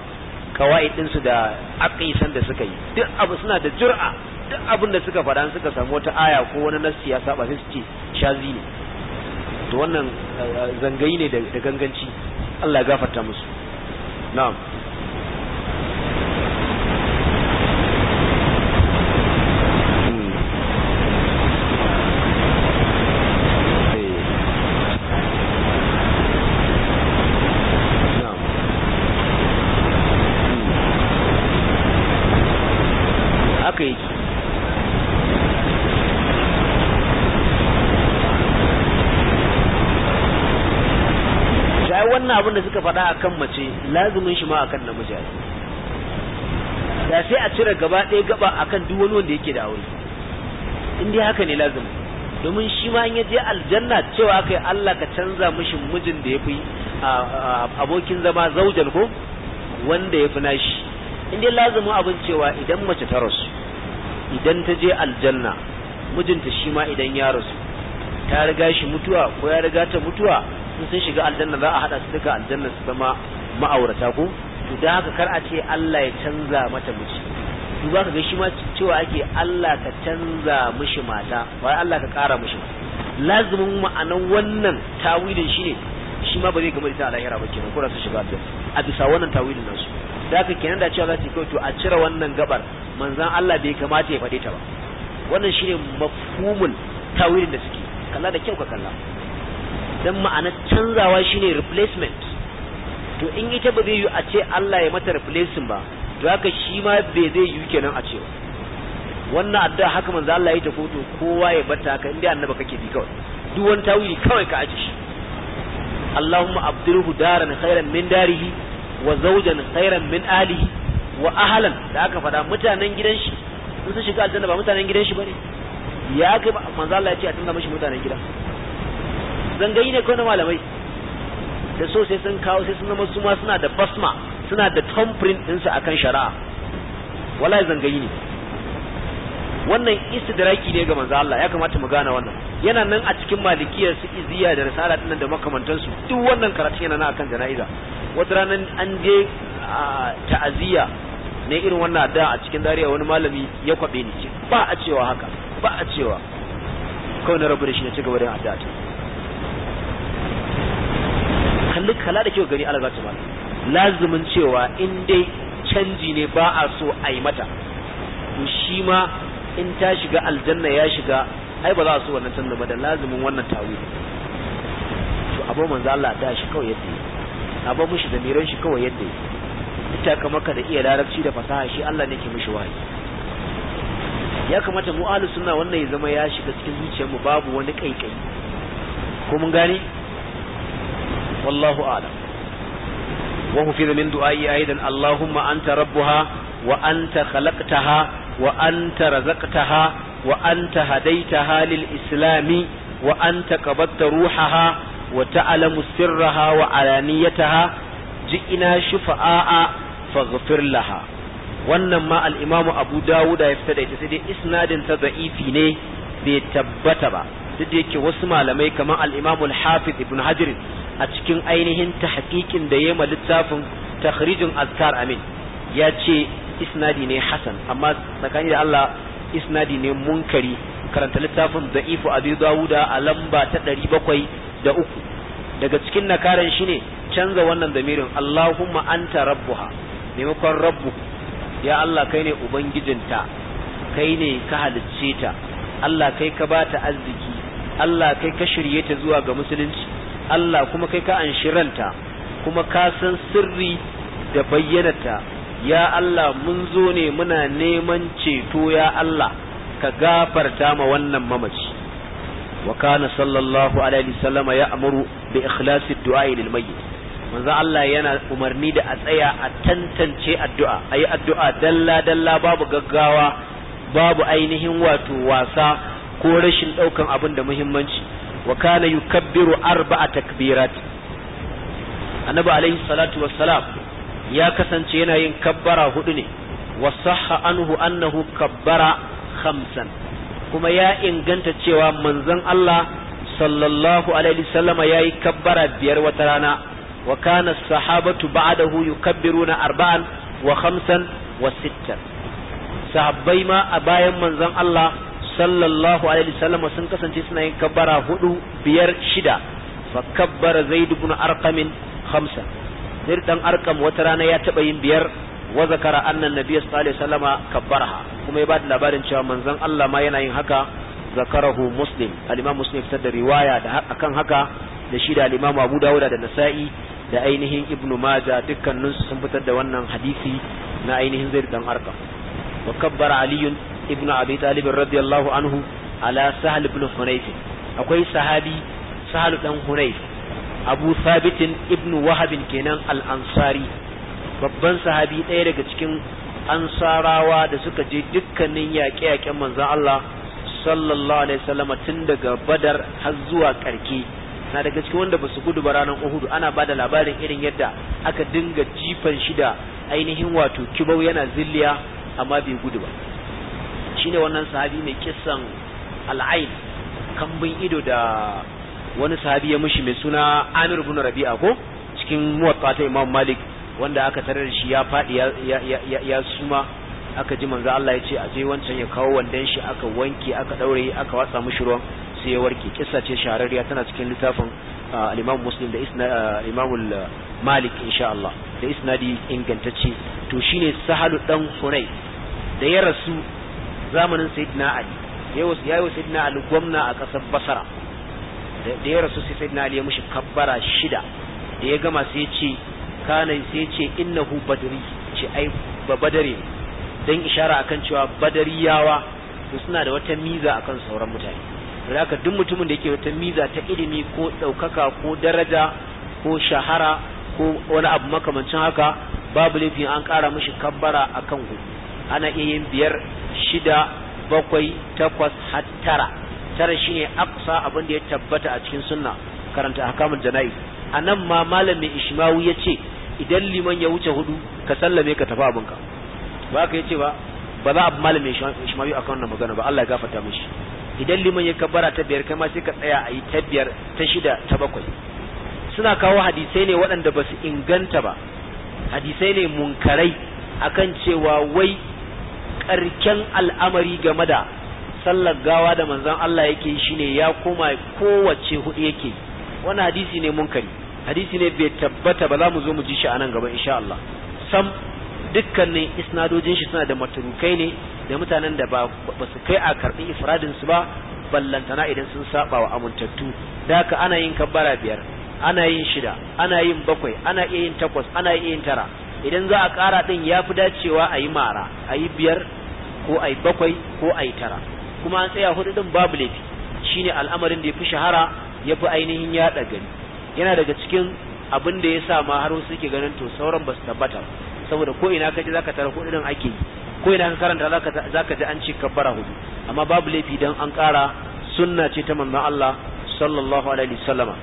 Speaker 1: kawai ɗinsu da aqisan da suka yi duk abu suna da jur'a duk abin da suka faɗa suka samu wata aya ko wani nassi ya saba sai su ce shazi ne to wannan eh, zangayi ne da ganganci Allah ya gafarta musu na'am abin da suka faɗa akan mace lazumin shi ma akan namiji da sai a cire gaba ɗaya gaba akan duk wani wanda yake da aure in dai haka ne lazumin domin shi ma in ya je aljanna cewa aka yi Allah ka canza mishi mijin da ya fi abokin zama zaujan ko wanda ya fi nashi in dai lazumin abin cewa idan mace ta rasu idan ta je aljanna mijinta shi ma idan ya rasu ta riga shi mutuwa ko ya riga ta mutuwa in sun shiga aljanna za a hada su duka aljanna su zama ma'aurata ko to da haka kar a ce Allah ya canza mata miji to za ka ga shi ma cewa ake Allah ka canza mishi mata wai Allah ka kara mishi lazumin ma'anan wannan tawilin shine shi ma ba zai gama ita a lahira ba kenan ko da su shiga aljanna a bisa wannan tawilin nasu da haka kenan da cewa za ta to a cire wannan gabar manzan Allah bai kamata ya faɗe ta ba wannan shine mafhumul tawilin da suke kalla da kyau ka kalla dan ma'ana canzawa shine replacement to in ita ba zai yi a ce Allah ya mata replacement ba to haka shi ma bai zai yi kenan a cewa wannan addu'a haka manzo Allah ya ta foto kowa ya bata ka inda annaba kake bi kawai duk wani tawili kawai ka aje shi Allahumma abdilhu daran khairan min darihi wa zawjan khairan min alihi wa ahlan da aka faɗa mutanen gidan shi sun shiga aljanna ba mutanen gidan shi bane ya kai manzo Allah ya ce a tunga mishi mutanen gidan zangayi ne kawai na malamai da so sai sun kawo sai sun zama su suna da basma suna da thumbprint ɗinsu akan shari'a wala zangayi ne wannan istidraki ne ga manzo Allah ya kamata mu gane wannan yana nan a cikin malikiyar su iziya da risala dinnan da makamantansu duk wannan karatu yana nan akan jana'iza wata ranar an je ta'aziyya ne irin wannan da a cikin dariya wani malami ya kwabe ni ba a cewa haka ba a cewa kawai na rabu da shi na ci gaba da addu'a kalli kala da kyau gani alazatu mal lazumin cewa in dai canji ne ba a so a yi mata to shi ma in ta shiga aljanna ya shiga ai ba za a so wannan canji ba da lazumin wannan tawi to abu manzo Allah da shi kawai yadda abu mushi da miran shi kawai yadda ita kama ka da iya larabci da fasaha shi Allah ne ke mushi wahayi ya kamata mu ahlus sunna wannan ya zama ya shiga cikin zuciyarmu babu wani kaikai ko mun gane والله أعلم وحفظ من دعائي أيضا اللهم أنت ربها وأنت خلقتها وأنت رزقتها وأنت هديتها للإسلام وأنت قبضت روحها وتعلم سرها وعلانيتها جئنا شفعاء فاغفر لها wannan ma al'imamu abu dawuda ya fita da ita sai dai isnadin ta za'ifi ne bai tabbata ba duk da yake wasu malamai kamar al'imamul hafiz ibn hajirin a cikin ainihin tahqiqin da yayi littafin takhrijun azkar amin ya ce isnadi ne hasan amma tsakani da Allah isnadi ne munkari karanta littafin da'ifu abi dawuda a lamba ta ɗari bakwai da uku daga cikin nakaran shi ne canza wannan damirin Allahumma anta rabbuha maimakon rabbu ya Allah kai ne ubangijinta kai ne ka halicce ta Allah kai ka bata arziki Allah kai ka shirye ta zuwa ga musulunci Allah kuma kai ka anshi ranta kuma ka san sirri da bayyanata ya Allah mun zo ne muna neman ceto ya Allah ka gafarta ma wannan mamaci wa kana sallallahu alaihi ya ya'muru bi ikhlasi du'a lil mayyit manzo Allah yana umarni da a tsaya a tantance addu'a ayi addu'a dalla dalla babu gaggawa babu ainihin wato wasa ko rashin daukan abin da muhimmanci wa kana yukabbiru arba'a takbirat annabi alaihi salatu wassalam ya kasance yana yin kabbara huɗu ne wa sahha anhu annahu kabbara khamsan kuma ya inganta cewa manzon Allah sallallahu alaihi sallama yayi kabbara biyar wata rana wa kana sahabatu ba'dahu yukabbiruna arba'an wa khamsan wa sittan sahabbai ma a bayan manzon Allah sallallahu alaihi wasallam sun kasance suna yin kabbara hudu biyar shida fa kabbara zaid ibn arqam khamsa zai dan arqam wata rana ya taba yin biyar wa zakara anna nabiyyu sallallahu alaihi wasallama kabbaraha kuma ya ba da labarin cewa manzon Allah ma yana yin haka zakarahu muslim al-imam muslim fitar da riwaya da akan haka da shi da al-imam abu dawud da nasa'i da ainihin ibnu majah dukkaninsu sun fitar da wannan hadisi na ainihin zaid dan arqam wa kabbara aliyun Ibnu abi talib radiyallahu anhu ala sahal ibn hunayf akwai sahabi sahal dan hunayf abu thabit ibn wahab kenan al ansari babban sahabi ɗaya daga cikin ansarawa da suka je dukkanin yaƙe-yaƙen manzon Allah sallallahu alaihi wasallam tun daga badar har zuwa karke na daga cikin wanda basu gudu ba ranar Uhudu ana bada labarin irin yadda aka dinga jifan shida ainihin wato kibau yana zilliya amma bai gudu ba shine wannan sahabi mai kissan al'ain kambin ido da wani sahabi ya mushi mai suna Amir ibn Rabi'a ko cikin muwatta ta Imam Malik wanda aka tarar shi ya fadi ya suma aka ji manzo Allah ya ce a je wancan ya kawo wandan shi aka wanke aka daure aka watsa mushi ruwan sai ya warke kissa ce shahararriya tana cikin littafin al-Imam Muslim da isna Imam Malik insha Allah da isnadi ingantacce to shine Sahalu dan hurai da ya rasu zamanin sayyidina ali yayi yayi sayyidina ali gwamna a kasar basara da ya rasu sai sayyidina ali ya mushi kabbara shida da ya gama sai ya ce kana sai ya ce innahu badri ce ai ba badare dan ishara akan cewa badariyawa to suna da wata miza akan sauran mutane don haka duk mutumin da yake wata miza ta ilimi ko ɗaukaka ko daraja ko shahara ko wani abu makamancin haka babu laifin an ƙara mishi kabbara akan gudu ana iya yin biyar shida bakwai takwas har tara tara shine aqsa abin da ya tabbata a cikin sunna karanta ahkamul jana'iz anan ma malami ishmawi yace idan liman ya wuce hudu ka sallame ka tafi abin ka ba ka yace ba ba za a malami ishmawi akan wannan magana ba Allah ya gafarta mishi idan liman ya kabbara ta biyar kai ma sai ka tsaya a yi ta biyar ta shida ta bakwai suna kawo hadisai ne waɗanda ba su inganta ba hadisai ne munkarai akan cewa wai karken al'amari game da sallar gawa da manzon Allah yake ne ya koma kowace hudu yake wani hadisi ne munkari hadisi ne bai tabbata ba za mu zo mu ji shi a nan gaba insha Allah sam dukkanin isnadojin shi suna da maturukai ne da mutanen da ba su kai a karbi ifradin su ba ballantana idan sun saba wa amintattu da haka ana yin kabbara biyar ana yin shida ana yin bakwai ana iya yin takwas ana iya yin tara idan za a ƙara ɗin ya fi dacewa a yi mara a yi biyar ko a yi bakwai ko a yi tara kuma an tsaya hudu ɗin babu laifi Shi ne al'amarin da ya fi shahara ya fi ainihin yaɗa gari yana daga cikin abin da ya sa ma har wasu suke ganin to sauran ba su tabbata saboda ko ina ka ji ka tara hudu ɗin ake yi ko ina ka karanta za ka ji an ce bara hudu amma babu laifi dan an ƙara sunna ce ta manzon Allah sallallahu alaihi wasallama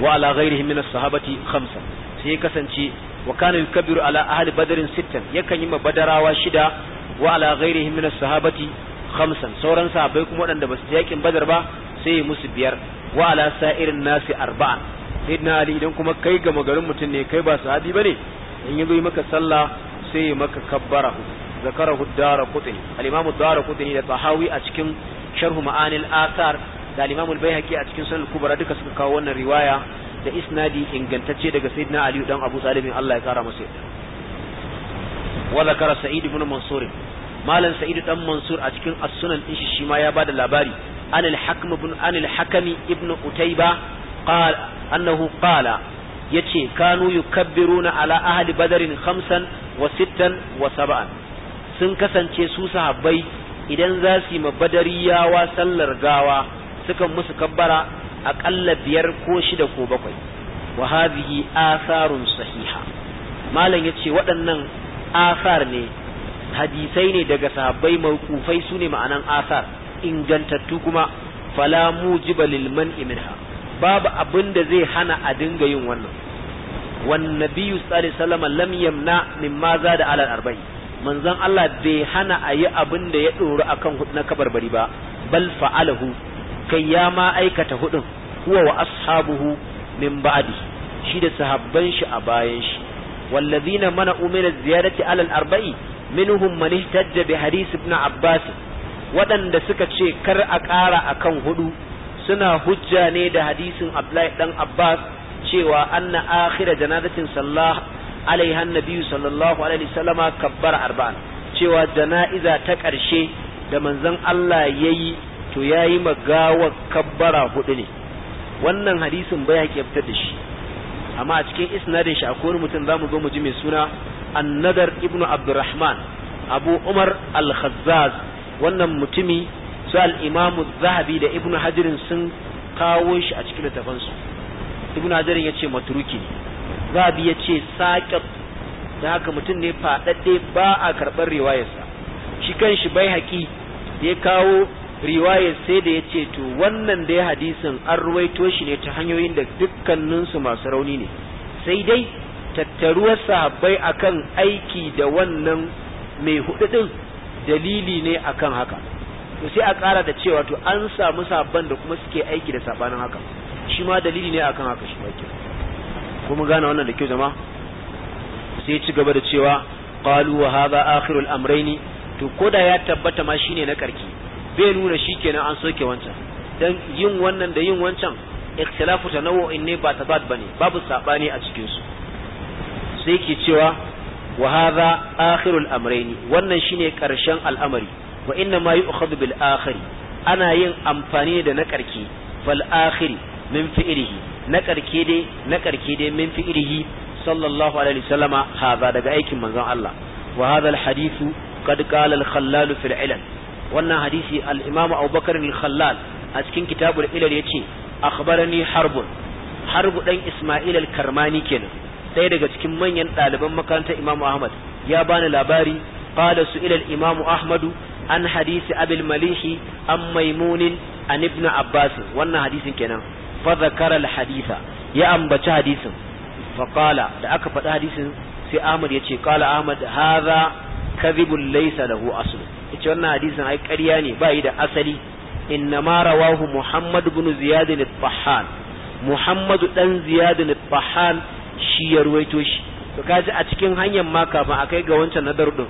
Speaker 1: wa ala ghairihi min as-sahabati khamsa sai kasance wa kana yukabbiru ala ahli badrin sittan yakan yi ma badarawa shida wa ala ghairihim min as-sahabati khamsan sauran sahabbai kuma waɗanda ba su yakin badar ba sai ya musu biyar wa ala sa'irin nasi arba'a sayyidina ali idan kuma kai ga magarin mutum ne kai ba sahabi bane in yazo yi maka sallah sai ya maka kabbara zakarahu ad-darqutni al-imam ad-darqutni da tahawi a cikin sharh ma'anil athar da al-imam al-baihaqi a cikin sunan al-kubra duka suka kawo wannan riwaya da isnadi ingantacce daga sayyidina ali dan abu talib Allah ya kara masa wa zakara sa'id ibn mansur malam sa'id dan mansur a cikin as-sunan din shi shi ma ya bada labari anil hakim ibn anil hakami ibn utayba qala annahu qala yace kanu yukabbiruna ala ahli badarin khamsan wa sittan wa sab'an sun kasance su sahabbai idan za su yi mabadariyawa sallar gawa sukan musu kabbara aƙalla biyar ko shida ko bakwai wa hadhihi asarun sahiha malam yace waɗannan asar ne hadisai ne daga sahabbai mawqufai sune ma'anan asar ingantattu kuma fala mujiba lil man'i minha babu abin da zai hana a dinga yin wannan wan nabiyyu sallallahu alaihi wasallam lam yamna mimma zada ala arba'in manzon Allah bai hana a yi abin da ya dori akan hudu na kabarbari ba bal fa'alahu kai ya ma aikata hudun huwa wa ashabuhu min ba'di shi da sahabban shi a bayan shi wallazina mana umina ziyarati alal arba'i minhum man ihtajja bi hadith ibn abbas waɗanda suka ce kar a ƙara akan hudu suna hujja ne da hadisin abdullahi dan abbas cewa anna akhira janazatin sallah alaiha nabiyyu sallallahu alaihi wasallama kabbara arba'an cewa jana'iza ta ƙarshe da manzon Allah yayi to ya yi magawar kabbara hudu ne wannan hadisin bai haƙi fitar da shi amma a cikin isnadin shi akwai mutum zamu zo mu ji mai suna annadar ibnu abdurrahman abu umar al-khazzaz wannan mutumi su al-imam zahabi da ibnu hajirin sun kawo shi a cikin su ibnu hajirin ya ce maturuki ne zahabi ya ce saƙi da haka mutum ne faɗaɗɗe ba a karɓar riwayarsa shi kan shi bai haƙi ya kawo riwayar sai da ya ce to wannan da ya hadisin an ruwaito shi ne ta hanyoyin da dukkaninsu masu rauni ne sai dai tattaruwar sahabbai akan aiki da wannan mai hudu dalili ne akan haka to sai a ƙara da cewa to an samu sabban da kuma suke aiki da sabanin haka shi ma dalili ne akan haka shi ma kuma gane wannan da kyau zama sai ci gaba da cewa qalu wa hadha akhirul amrayni to koda ya tabbata ma shine na karki bai nuna shi kenan an soke wancan dan yin wannan da yin wancan ikhtilafu tanawu'in ne ba tabad bane babu sabani a cikin su sai ke cewa wa hadha akhirul amrayni wannan shine karshen al'amari wa inna ma yu'khadhu bil akhiri ana yin amfani da na karke fal akhiri min fi'lihi na dai na karke dai min fi'lihi sallallahu alaihi wasallama hadha daga aikin manzon Allah wa hadha al hadithu qad qala al khallal fil ilal wannan hadisi al-imamu abubakar al-khallal a cikin kitabul ilal yace akhbarani harbun harbu dan isma'il al-karmani kenan ɗaya daga cikin manyan ɗaliban makarantar Imam ahmad ya bani labari qala su ilal Imam ahmadu an hadisi abil malihi an maimunin an ibn abbas wannan hadisin kenan fa zakara al haditha ya ambaci hadisin fa qala da aka faɗi hadisin sai ahmad yace qala ahmad hadha kadhibun laysa lahu aslu ce wannan hadisin ai ƙarya ne ba yi da asali inna ma rawahu muhammad ibn ziyad al-fahan muhammad dan ziyad al-fahan shi ya ruwaito shi to kaji a cikin hanyar ma kafin akai ga wancan nadar din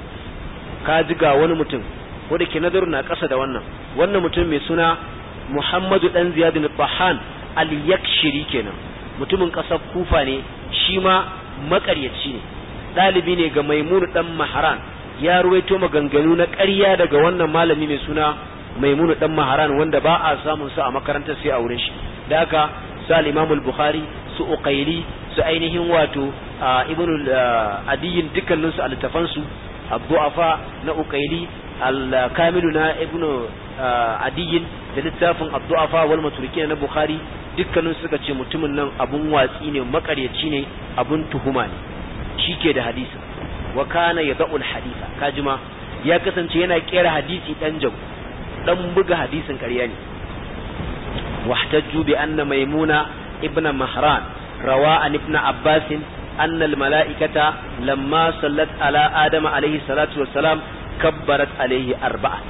Speaker 1: kaji ga wani mutum wanda ke nadar na ƙasa da wannan wannan mutum mai suna muhammad dan ziyad al-fahan al-yakshiri kenan mutumin ƙasar kufa ne shi ma makaryaci ne dalibi ne ga maimuna dan mahran ya ruwaito maganganu na ƙarya daga wannan malami mai suna maimunu ɗan maharan wanda ba a samun su a makarantar sai a wurin shi da haka su al su uqaili su ainihin wato ibnu adiyin dukkanin su al su na uqaili al-kamilu na ibnu adiyin da littafin abdu'afa wal maturki na bukhari dukkanin suka ce mutumin nan abun watsi ne makaryaci ne abun tuhuma ne ke da hadisi wa kana haditha kajima ya kasance yana kera hadisi dan jago dan buga hadisin karyani. ne wahtajju bi anna maimuna ibn mahran rawa an ibn abbas anna al-mala'ikata lamma sallat ala adama alayhi salatu wassalam kabbarat alayhi arba'a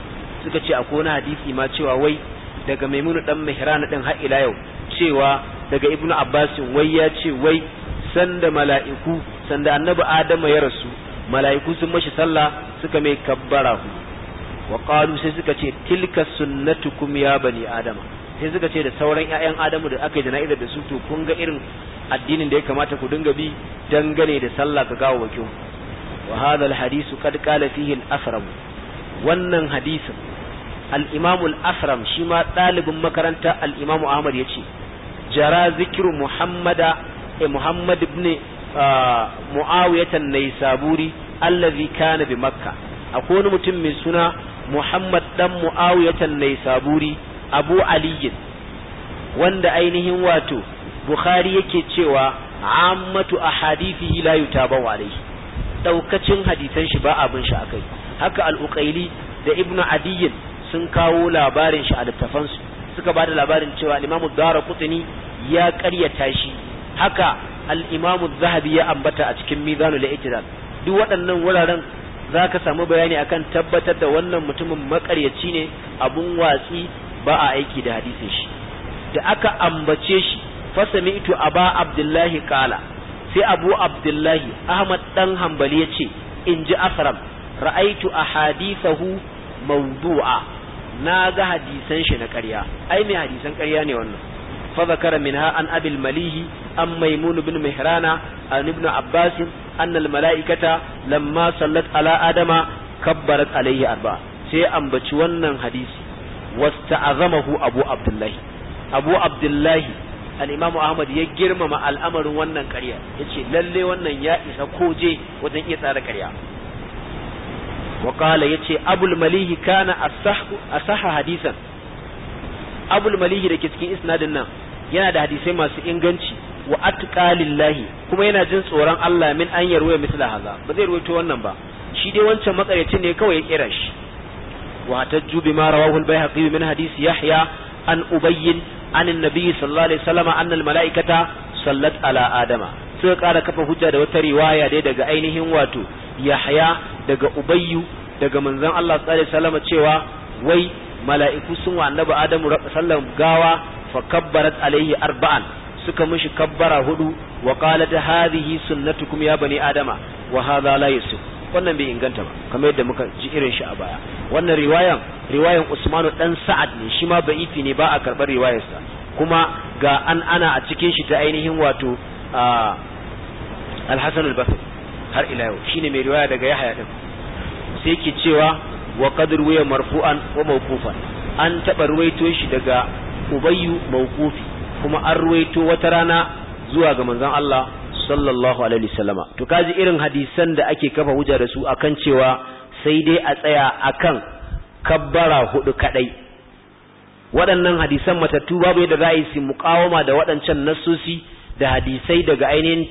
Speaker 1: suka ce akwai wani hadisi ma cewa wai daga maimuna dan mihran din har ila yau cewa daga ibnu abbas wai ya ce wai sanda mala'iku sanda annabi adama ya rasu mala'iku sun mashi sallah suka mai kabbara ku wa qalu sai suka ce tilka sunnatukum ya bani adama sai suka ce da sauran ƴaƴan adamu da aka yi jana'izar da su to kun ga irin addinin da ya kamata ku dinga bi dangane da sallah ka gawo wakin wa hadha al hadisu qad qala fihi al asram wannan hadisin al imam al asram shi ma dalibin makaranta al imam ahmad yace jara zikru muhammada e muhammad ibn mu'awiyatan naysaburi allazi kana bi makka akwai wani mutum mai suna muhammad dan mu'awiyatan naysaburi abu aliyin wanda ainihin wato bukhari yake cewa ammatu ahadithihi la yutabaw alayhi daukacin hadisan shi ba abin shi akai haka al-uqaili da Ibn adiyin sun kawo labarin shi a littafansu suka da labarin cewa al-imamu daraqutni ya karyata shi haka al zahabi ya ambata a cikin Mizanul I'tidal duk waɗannan wuraren zaka samu bayani akan tabbatar da wannan mutumin makaryaci ne abun watsi ba a aiki da hadisin shi da aka ambace shi fasami'tu ba abdullahi qala sai abu abdullahi ahmad dan ce in ji asram ra'aitu hadisahu mawdu'a na ga hadisan shi na ƙarya ai me hadisan ƙarya ne wannan fa zakara minha an abil malihi an maimun bin mihrana an abbas anna malaikata lamma sallat ala adama kabbarat alayhi arba sai ambaci wannan hadisi wasta'azamahu abu abdullahi abu abdullahi al imamu ahmad ya girmama al'amarin wannan ƙarya yace lalle wannan ya isa koje wajen iya tsara ƙarya wa qala yace abul malihi kana asahhu asaha hadisan abul da ke cikin isnadin nan yana da hadisai masu inganci wa atqa kuma yana jin tsoron Allah min an yarwa misla haza ba zai ruwaito wannan ba shi dai wancan makaryacin ne kawai ya kira shi wa tajju bima rawahu al-bayhaqi min hadith yahya an ubayyin an nabi sallallahu alaihi wasallam anna al-mala'ikata sallat ala adama suka kara kafa hujja da wata riwaya dai daga ainihin wato yahya daga ubayyu daga manzon Allah sallallahu alaihi cewa wai mala'iku sun wa annabi adamu sallam gawa fa kabbarat alaihi arba'an suka mishi kabbara hudu wa da hadhihi sunnatukum ya bani adama wa hadha la wannan bai inganta ba kamar yadda muka ji irin shi a baya wannan riwayan riwayan usman dan Sa'ad ne shi ma ba'ifi ne ba a karbar riwayarsa kuma ga an ana a cikin shi ta ainihin wato Al-Hasan al-Basri har ila yau shine mai riwaya daga Yahya din sai yake cewa wa qadru ruwiya marfu'an wa mawqufan an taba ruwaito shi daga Ubayyu mawqufi kuma an ruwaito wata rana zuwa ga manzon Allah sallallahu alaihi wasallama to kaji irin hadisan da ake kafa hujja da su akan cewa sai dai a tsaya akan kabbara hudu kadai waɗannan hadisan matattu babu yadda za a yi su muƙawama da waɗancan nassosi da hadisai daga ainihin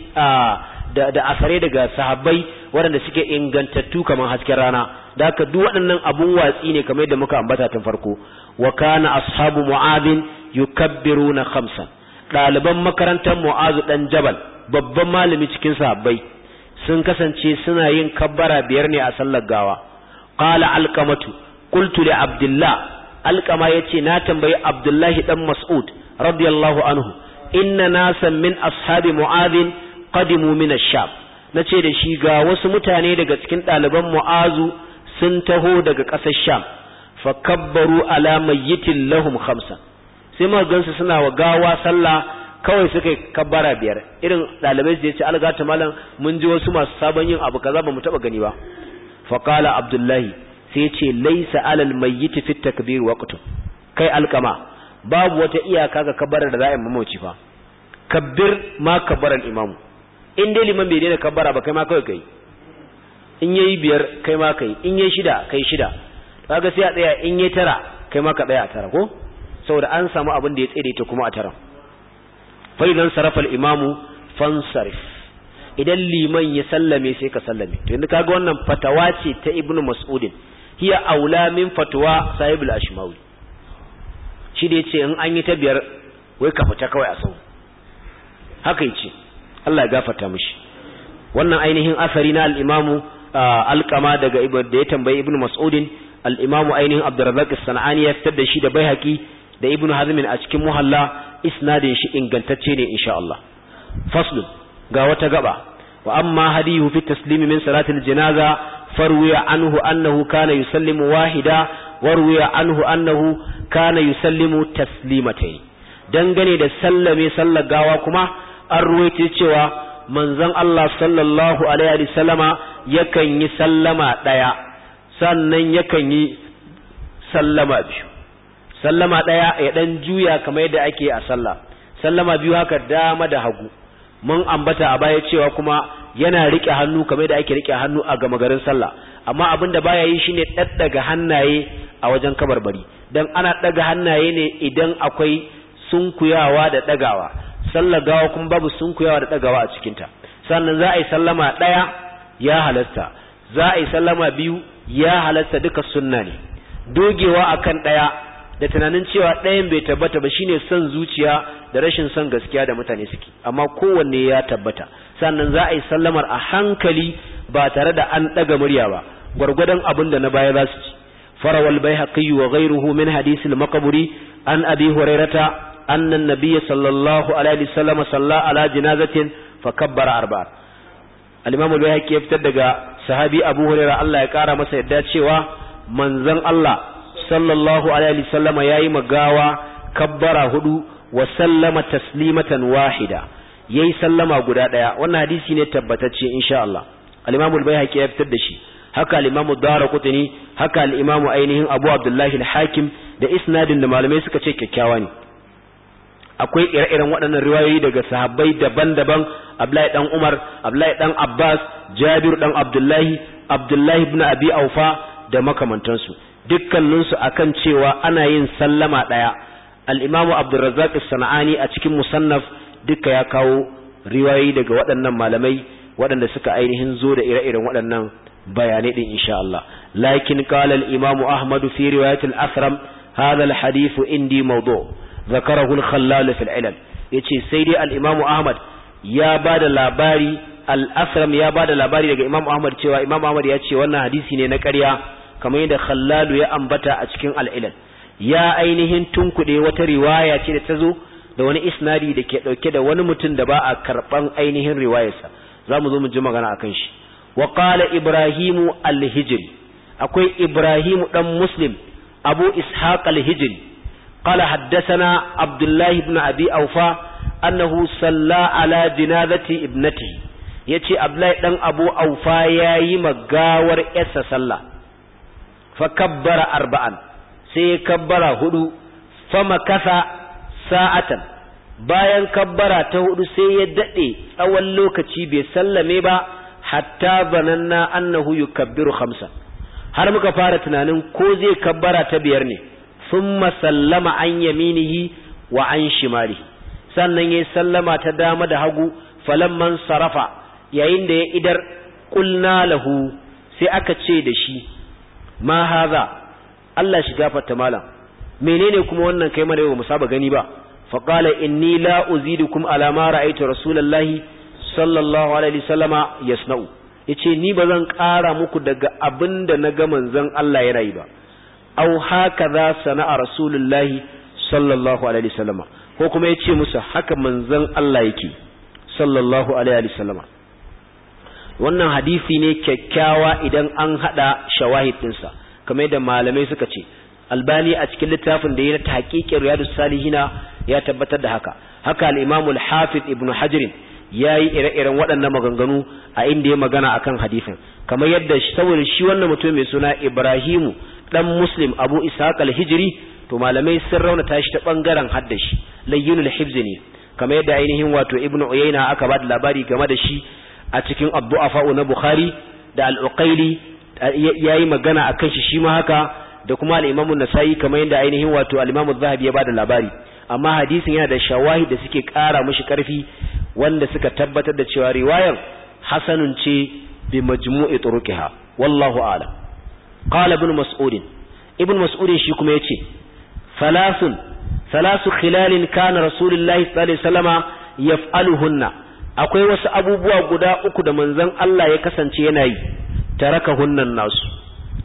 Speaker 1: da, da asare daga sahabbai waɗanda suke ingantattu kamar hasken rana da haka duk waɗannan abun watsi ne kamar yadda muka ambata tun farko wa kana ashabu mu'adin yukabbiruna khamsa ɗaliban makarantar mu'azu ɗan jabal babban malami cikin sahabbai sun kasance suna yin kabbara biyar ne a sallar gawa qala alqamatu qultu li abdullah alqama yace na tambayi abdullahi dan mas'ud radiyallahu anhu inna nasan min ashabi mu'adhin qadimu min ash-sham nace da shi ga wasu mutane daga cikin ɗaliban mu'azu sun taho daga ƙasar sham fakabbaru ala mayyitin lahum khamsa sai muka gansu suna wa gawa sallah kawai suka kabbara biyar irin dalibai su ce algata malam mun ji wasu masu sabon yin abu kaza mu taba gani ba fa qala abdullahi sai ce laysa alal mayyit fi takbir waqtu kai alkama babu wata iyaka ga kabbara da za'a mamauci fa kabbir ma kabbara imamu in dai liman bai daina kabbara ba kai ma kawai kai in yayi biyar kai ma kai in yayi shida kai shida kaga sai a tsaya in yayi tara kai ma ka tsaya a tara ko saboda an samu abin da ya tsere ta kuma a taron Fai don sarrafa imamu fansarif idan liman ya sallame sai ka sallame to yanzu kaga wannan fatawa ce ta Ibn mas'udin hiya aula min fatawa sahibu al’ashimawi shi da ce in an yi ta biyar wai ka fita kawai a sau haka ce. Allah ya gafata mushi wannan ainihin asari na al'imamu alkama daga da ya tambayi Ibn mas'udin al'imamu ainihin abdurrazzaq sana'ani ya fitar da shi da bai haƙi da ibnu hazmin a cikin muhalla isnadin shi ingantacce ne insha Allah faslun ga wata gaba wa amma hadiyu fi taslimi min salatil janaza farwiya anhu annahu kana yusallimu wahida warwiya anhu annahu kana yusallimu taslimatai dangane da sallame sallar gawa kuma an ruwaito cewa manzon Allah sallallahu alaihi wa sallama yakan yi sallama daya sannan yakan yi sallama biyu sallama ɗaya ya ɗan juya kamar yadda ake a sallah sallama biyu haka dama da hagu mun ambata a baya cewa kuma yana riƙe hannu kamar yadda ake riƙe hannu a gama garin sallah amma abin da baya yi shine ɗaɗɗaga hannaye a wajen kabarbari dan ana ɗaga hannaye ne idan akwai sunkuyawa da ɗagawa sallar gawa kuma babu sunkuyawa da ɗagawa a cikinta sannan za a yi sallama ɗaya ya halasta za a yi sallama biyu ya halasta duka sunna ne dogewa akan ɗaya da tunanin cewa ɗayan bai tabbata ba shine son zuciya da rashin son gaskiya da mutane suke amma kowanne ya tabbata sannan za a yi sallamar a hankali ba tare da an ɗaga murya ba gwargwadon abin da na baya za su ci farawal bai haƙiyu wa gairuhu min hadisil makaburi an abi hurairata أن النبي صلى الله عليه وسلم صلى على جنازة فكبر أربعة الإمام البيهقي يفتدق صحابي أبو هريرة الله يقارى مسا يدات cewa manzan Allah. sallallahu alaihi sallama gawa magawa kabbara hudu wa sallama taslimatan wahida yayi sallama guda ɗaya wannan hadisi ne tabbatacce insha Allah al-Imam al-Baihaqi ya fitar da shi haka al-Imam ad haka al-Imam ainihin Abu Abdullahi al-Hakim da isnadin da malamai suka ce kyakkyawa ne akwai ire-iren waɗannan riwayoyi daga sahabbai daban-daban Abdullahi dan Umar Abdullahi dan Abbas Jabir dan Abdullahi Abdullahi ibn Abi Aufa da makamantansu dukkaninsu kan cewa ana yin sallama ɗaya al'imamu abdulrazak sana'ani a cikin musannaf duka ya kawo riwayoyi daga waɗannan malamai waɗanda suka ainihin zo da ire-iren waɗannan bayanai ɗin insha Allah lakin qala al-imamu ahmad fi riwayat asram indi maudu' zakarahu al-khallal fi al-ilal yace sai dai al'imamu ahmad ya bada labari al ya ba da labari daga imamu ahmad cewa imamu ahmad ya ce wannan hadisi ne na ƙarya kamar yadda khallalu ya ambata a cikin al'ilal ya ainihin tunkuɗe wata riwaya ce da ta zo da wani isnadi da ke ɗauke da wani mutum da ba a karɓan ainihin riwayarsa za mu zo mu ji magana a kan shi wa ibrahimu alhijiri akwai ibrahimu dan muslim abu ishaq alhijiri hijri haddasana haddathana abdullah ibn abi awfa annahu salla ala janazati ibnatihi yace abdullahi dan abu aufa yayi magawar yarsa sallah fa kabbara arba'an sai ya kabbara hudu fa makasa sa'atan bayan kabbara ta hudu sai ya daɗe tsawon lokaci bai sallame ba hatta bananna annahu yukabbiru khamsa har muka fara tunanin ko zai kabbara ta biyar ne thumma sallama an yaminihi wa an shimalihi sannan yayi sallama ta dama da hagu falamman sarafa yayin da ya idar qulna lahu sai aka ce da shi ma haza Allah shi gafarta malam menene kuma wannan kai mana yau mu saba gani ba fa qala inni la uzidukum ala ma ra'aytu rasulullahi sallallahu alaihi wasallama yasna'u yace ni ba zan ƙara muku daga abinda na ga manzon Allah ya rayu ba aw hakaza sana'a rasulullahi sallallahu alaihi wasallama ko kuma yace musu haka manzon Allah yake sallallahu alaihi wasallama wannan hadisi ne kyakkyawa idan an hada shawahid dinsa kamar yadda malamai suka ce albani a cikin littafin da ya na tahqiqin Riyadu salihina ya tabbatar da haka haka al-imam al-hafiz ibnu hajar yayi ire-iren waɗannan maganganu a inda ya magana akan hadisin kamar yadda saboda shi wannan mutum mai suna Ibrahimu dan Muslim Abu Ishaq al-Hijri to malamai sun raunata shi ta bangaren haddashi layyinul hifz ne kamar yadda ainihin wato ibnu Uyayna aka ba da labari game da shi a cikin abdu'afa'u na bukhari da al ya yayi magana a shi shi ma haka da kuma al nasayi nasa'i kamar yadda ainihin wato al zahabi ya bada labari amma hadisin yana da shawahid da suke kara mashi karfi wanda suka tabbatar da cewa riwayar hasanun ce bi majmu'i turuqiha wallahu a'lam qala ibn mas'ud ibn mas'ud shi kuma yace thalathun thalathu khilalin kana rasulullahi sallallahu alaihi wasallama yaf'aluhunna akwai wasu abubuwa guda uku da manzon Allah ya kasance yana yi taraka hunnan nasu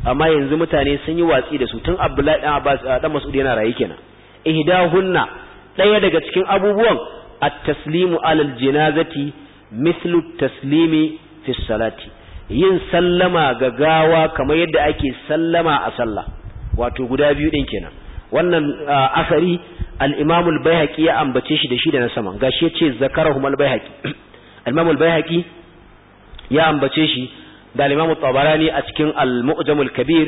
Speaker 1: amma yanzu mutane sun yi watsi da su tun Abdullahi dan Abbas eh, dan Mas'ud yana rayi kenan ihdahunna daya daga cikin abubuwan at-taslimu alal janazati mislu taslimi fi salati yin sallama ga gawa kamar yadda ake sallama a sallah wato guda biyu din kenan wannan eh, asari al-Imam al ya ambace shi da shi da na saman gashi yace zakarahu al bayhaqi al-imam al-baihaqi ya ambace shi da al-imam tabarani a cikin al-mu'jam al-kabir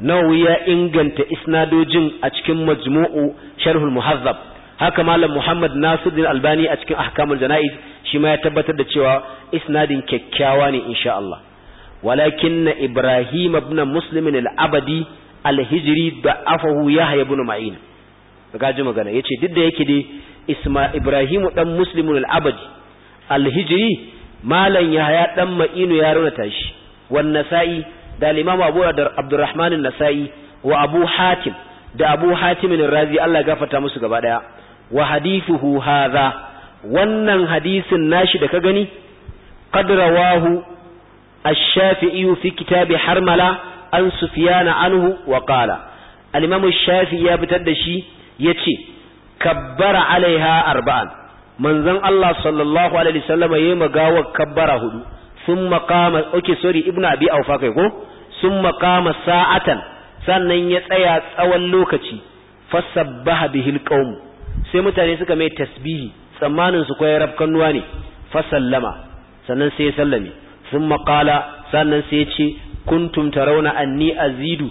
Speaker 1: nawawi ya inganta isnadojin a cikin majmu'u sharh al-muhazzab haka malam muhammad nasiruddin albani a cikin ahkamul janaiz shi ma ya tabbatar da cewa isnadin kyakkyawa ne insha Allah walakin ibrahim ibn muslim al-abadi al-hijri da afahu yahya ibn ma'in ga ji magana yace duk da yake dai isma ibrahim dan muslim al-abadi Alhijiri, malam yahaya dan ma'inu ya raunata shi wan nasa'i da al abdurrahman nasai wa abu hatim da abu hatim ar-razi Allah gafarta musu gaba daya wa hadithuhu hadha wannan hadisin nashi da ka gani qad rawahu ash-shafi'i fi kitabi harmala an sufyana anhu wa qala al-imam ash-shafi'i ya fitar da shi yace kabbara alaiha arba'an manzon Allah sallallahu alaihi wasallam yayi magawa kabbara hudu summa qama okay sorry ibnu abi aufa kai ko summa qama sa'atan sannan ya tsaya tsawon lokaci fasabbaha bihil qaum sai mutane suka mai tasbihi tsammanin su koyar nuwa ne fasallama sannan sai ya sallame summa qala sannan sai ya ce kuntum tarawna anni azidu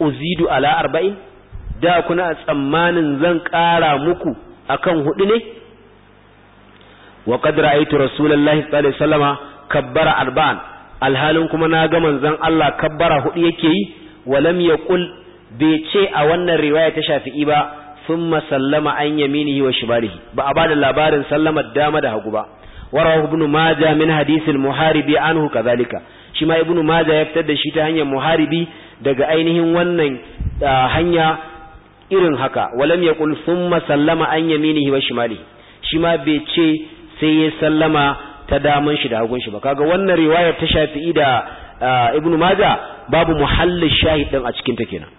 Speaker 1: uzidu ala arba'in da kuna tsammanin zan ƙara muku akan hudu ne wa qad ra'aytu rasulullahi sallallahu alaihi wasallama kabbara alba'an alhalin kuma na ga manzon Allah kabbara hudu yake yi wa lam yaqul ce a wannan riwaya ta shafi'i ba thumma sallama an yaminihi wa ba a labarin sallamar dama da hagu ba ورواه ابن ماجه من حديث المحاربي عنه كذلك شما ابن ماجه يفتر da shi ta hanyar muharibi daga ainihin wannan hanya irin haka walam yaqul thumma sallama an yaminihi wa shima bai ce sai ya sallama ta daman shi da hagun shi ba kaga wannan riwayar ta shafi'i da ah, ibnu maja babu muhallin shahid din a cikin ta kenan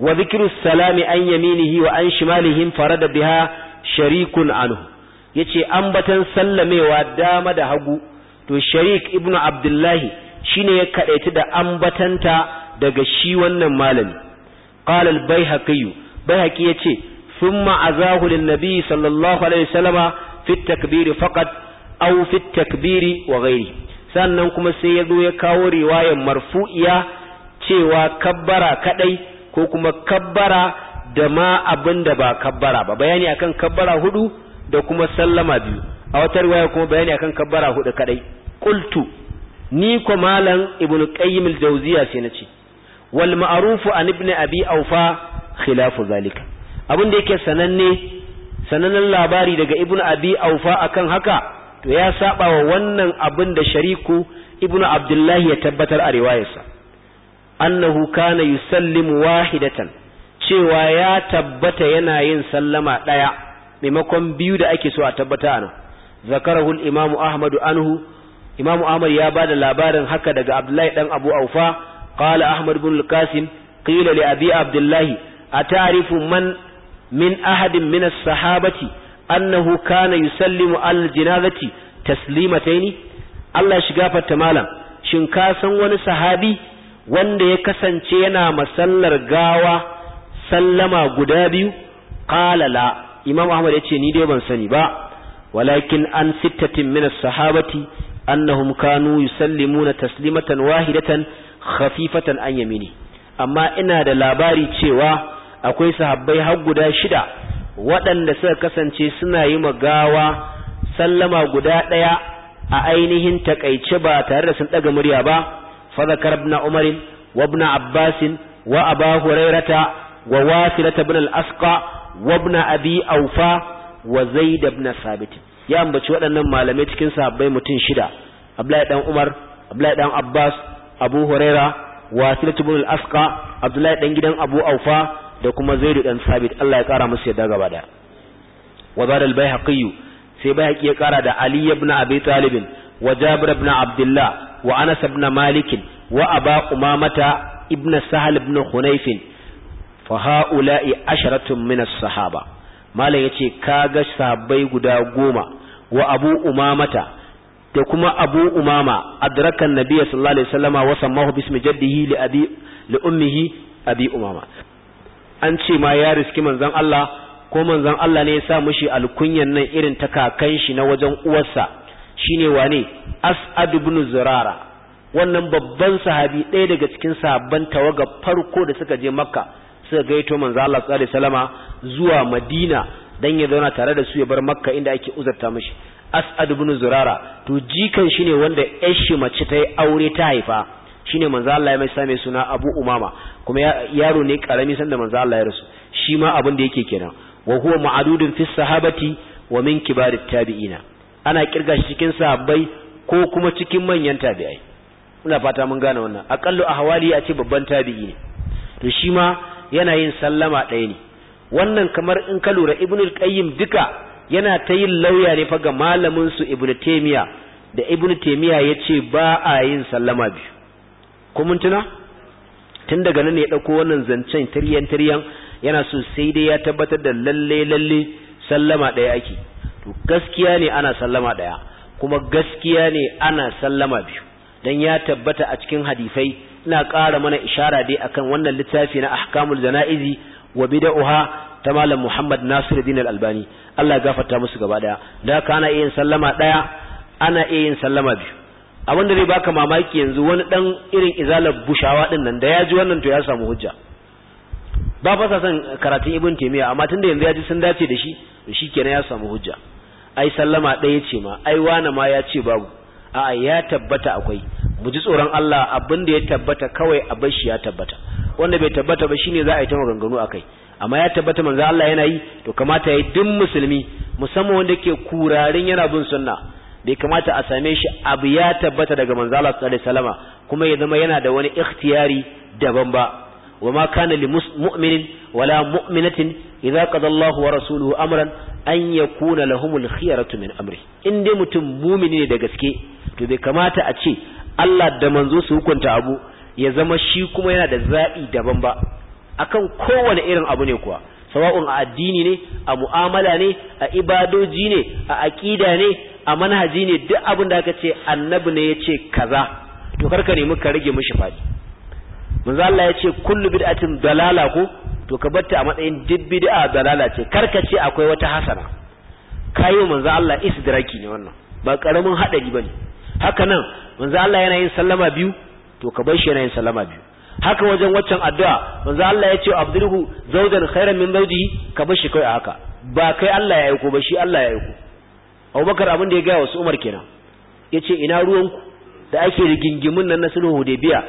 Speaker 1: wa dhikru salami an yaminihi wa an shimalihim farada biha sharikun anhu yace ambatan sallamewa dama da hagu to sharik ibnu abdullahi shine ya kadaita da ambatanta daga shi wannan malami qala al-baihaqi baihaqi yace thumma azahu lin nabi sallallahu alaihi fit takbiri faqat aw fi takbiri wa ghairi sannan kuma sai ya zo ya kawo riwayar marfu'iya cewa kabbara kadai ko kuma kabbara da ma abinda ba kabbara ba bayani akan kabbara hudu da kuma sallama biyu a wata riwaya kuma bayani akan kabbara hudu kadai qultu ni ko malam ibnu qayyim al-jawziya sai nace wal ma'rufu an ibn abi awfa khilafu zalika abin da yake sananne sananan labari daga ibn abi aufa akan haka to ya saba wa wannan abin da shariku ibn abdullahi ya tabbatar a riwayarsa annahu kana yusallimu wahidatan cewa ya tabbata yana yin sallama daya maimakon biyu da ake so a tabbata ana zakarahu imamu ahmadu anhu imamu ahmad ya bada labarin haka daga abdullahi dan abu aufa qala ahmad ibn al-qasim qila li abi abdullahi ata'rifu man min ahadin min as-sahabati annahu kana yusallimu al-janazati taslimataini Allah shi gafarta malam shin ka san wani sahabi wanda ya kasance yana masallar gawa sallama guda biyu qala la imam ahmad yace ni dai ban sani ba walakin an sittatin min sahabati annahum kanu yusallimuna taslimatan wahidatan khafifatan an yamini amma ina da labari cewa akwai sahabbai har guda shida waɗanda suka kasance suna yi ma gawa sallama guda ɗaya a ainihin takaice ba tare da sun ɗaga murya ba fadakar ibn umar wa ibn abbas wa aba hurairata wa wasilata ibn al-asqa wa ibn abi aufa wa zaid ibn sabit ya ambaci waɗannan malamai cikin sahabbai mutum shida abdullahi dan umar abdullahi dan abbas abu huraira wasilatu ibn al-asqa abdullahi dan gidan abu aufa da kuma zaidu dan sabit Allah ya kara musu yadda gaba daya wa al bayhaqi sai bayhaqi ya kara da ali ibn abi talib wa jabir ibn abdullah wa anas ibn malik wa aba umamata ibn sahal ibn hunayf fa haula'i asharatun min as-sahaba malam yace kaga sahabbai guda goma wa abu umamata da kuma abu umama adrakan nabiyyi sallallahu alaihi wasallama wa sammahu bismi jaddihi li abi li ummihi abi umama an ce ma ya riski manzan Allah ko manzan Allah ne ya sa mushi alkunyan nan irin ta kakan shi na wajen uwarsa shine wane As'ad ibn Zurara wannan babban sahabi ɗaya daga cikin sahabban tawaga farko da suka je Makka suka gaito manzon Allah sallallahu alaihi wasallama zuwa Madina dan ya zauna tare da su ya bar Makka inda ake uzurta mushi As'ad ibn Zurara to jikan shine wanda ƴar shi mace ta yi aure ta haifa shine manzo Allah ya mai same suna Abu Umama kuma yaro ne karami sanda manzo Allah ya rasu shi ma abin da yake kenan wa huwa ma'adudun fi sahabati wa min kibari tabi'ina ana kirga shi cikin sahabbai ko kuma cikin manyan tabi'ai ina fata mun gane wannan aqallu ahwali a ce babban tabi'i ne to shi ma yana yin sallama ɗaya ne wannan kamar in ka lura al qayyim duka yana ta yin lauya ne fa ga malamin su ibnu taymiya da ibnu taymiya yace ba a yin sallama biyu ko mun tuna tun daga nan ya ɗauko wannan zancen tiryan tiryan yana so sai dai ya tabbatar da lalle lalle sallama daya ake to gaskiya ne ana sallama ɗaya kuma gaskiya ne ana sallama biyu dan ya tabbata a cikin hadisai ina ƙara mana ishara dai akan wannan littafi na ahkamul janaizi wa oha ta malam Muhammad Nasiruddin Al-Albani Allah gafarta musu gaba daya da kana iya sallama daya ana iya yin sallama biyu abin da zai baka mamaki yanzu wani dan irin izalar bushawa din nan da ya ji wannan to ya samu hujja ba fasa son karatun ibn taymiya amma tunda yanzu ya ji sun dace da shi to kenan ya samu hujja ai sallama ɗaya ce ma ai wani ma ya ce babu a'a ya tabbata akwai mu ji tsoron Allah abin da ya tabbata kawai a shi ya tabbata wanda bai tabbata ba shine za a yi ta maganganu akai amma ya tabbata manzo Allah yana yi to kamata ya yi duk musulmi musamman wanda ke kurarin yana bin sunna bai kamata a same shi abu ya tabbata daga manzo Allah sallallahu kuma ya zama yana da wani ikhtiyari daban ba wama kana li mu'minin wala mu'minatin idza qada Allahu wa rasuluhu amran an yakuna lahumul khiyaratu min amri in dai mutum mumini ne da gaske to bai kamata a ce Allah da manzo su hukunta abu ya zama shi kuma yana da zabi daban ba akan kowane irin abu ne kuwa sawa'un a addini ne a mu'amala ne a ibadoji ne a aqida ne a manhaji ne duk abin da aka ce annabi ne ya ce kaza to karka nemi ka rage mishi faɗi manzo Allah ya ce kullu bid'atin dalala ko to ka batta a matsayin duk bid'a dalala ce karka ce akwai wata hasana kai manzo Allah isdraki ne wannan ba karamin hadari bane haka nan manzo Allah yana yin sallama biyu to ka bar shi yana yin sallama biyu haka wajen waccan addu'a manzo Allah ya ce abdulhu zawjan khairan min zawjihi ka bar shi kai a haka ba kai Allah ya aiko ba shi Allah ya aiko abubakar abin da ya gaya wasu umar kenan ya ce ina ruwanku da ake rigingimin nan na sulhu hudaybiya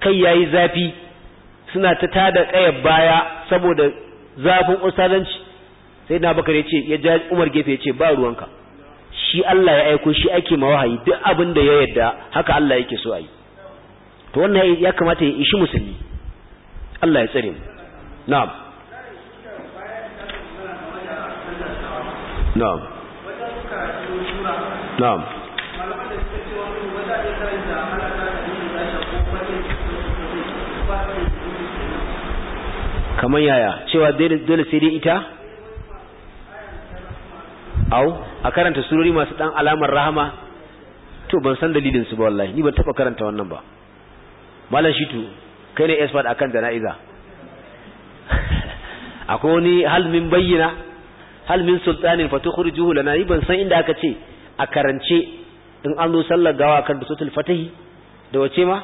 Speaker 1: kai yayi zafi suna ta tada kayar baya saboda zafin ustazanci sai na bakar ya ce ya ja umar gefe ya ce ba ruwanka shi Allah ya aiko shi ake ma wahayi duk abin da ya yarda haka Allah yake so ayi to wannan ya kamata ya ishi musulmi Allah ya tsare mu na'am na'am نعم kamar yaya cewa dole sai dai ita au a karanta surori masu dan alamar rahama to ban san dalilin su ba wallahi ni ban taba karanta wannan ba malam shitu kai ne expert akan jana'iza akwai wani hal min bayyana hal min sultanin fatukhrijuhu lana ni ban san inda aka ce a karance in an zo sallar gawa kan da sotul fatahi da wace ma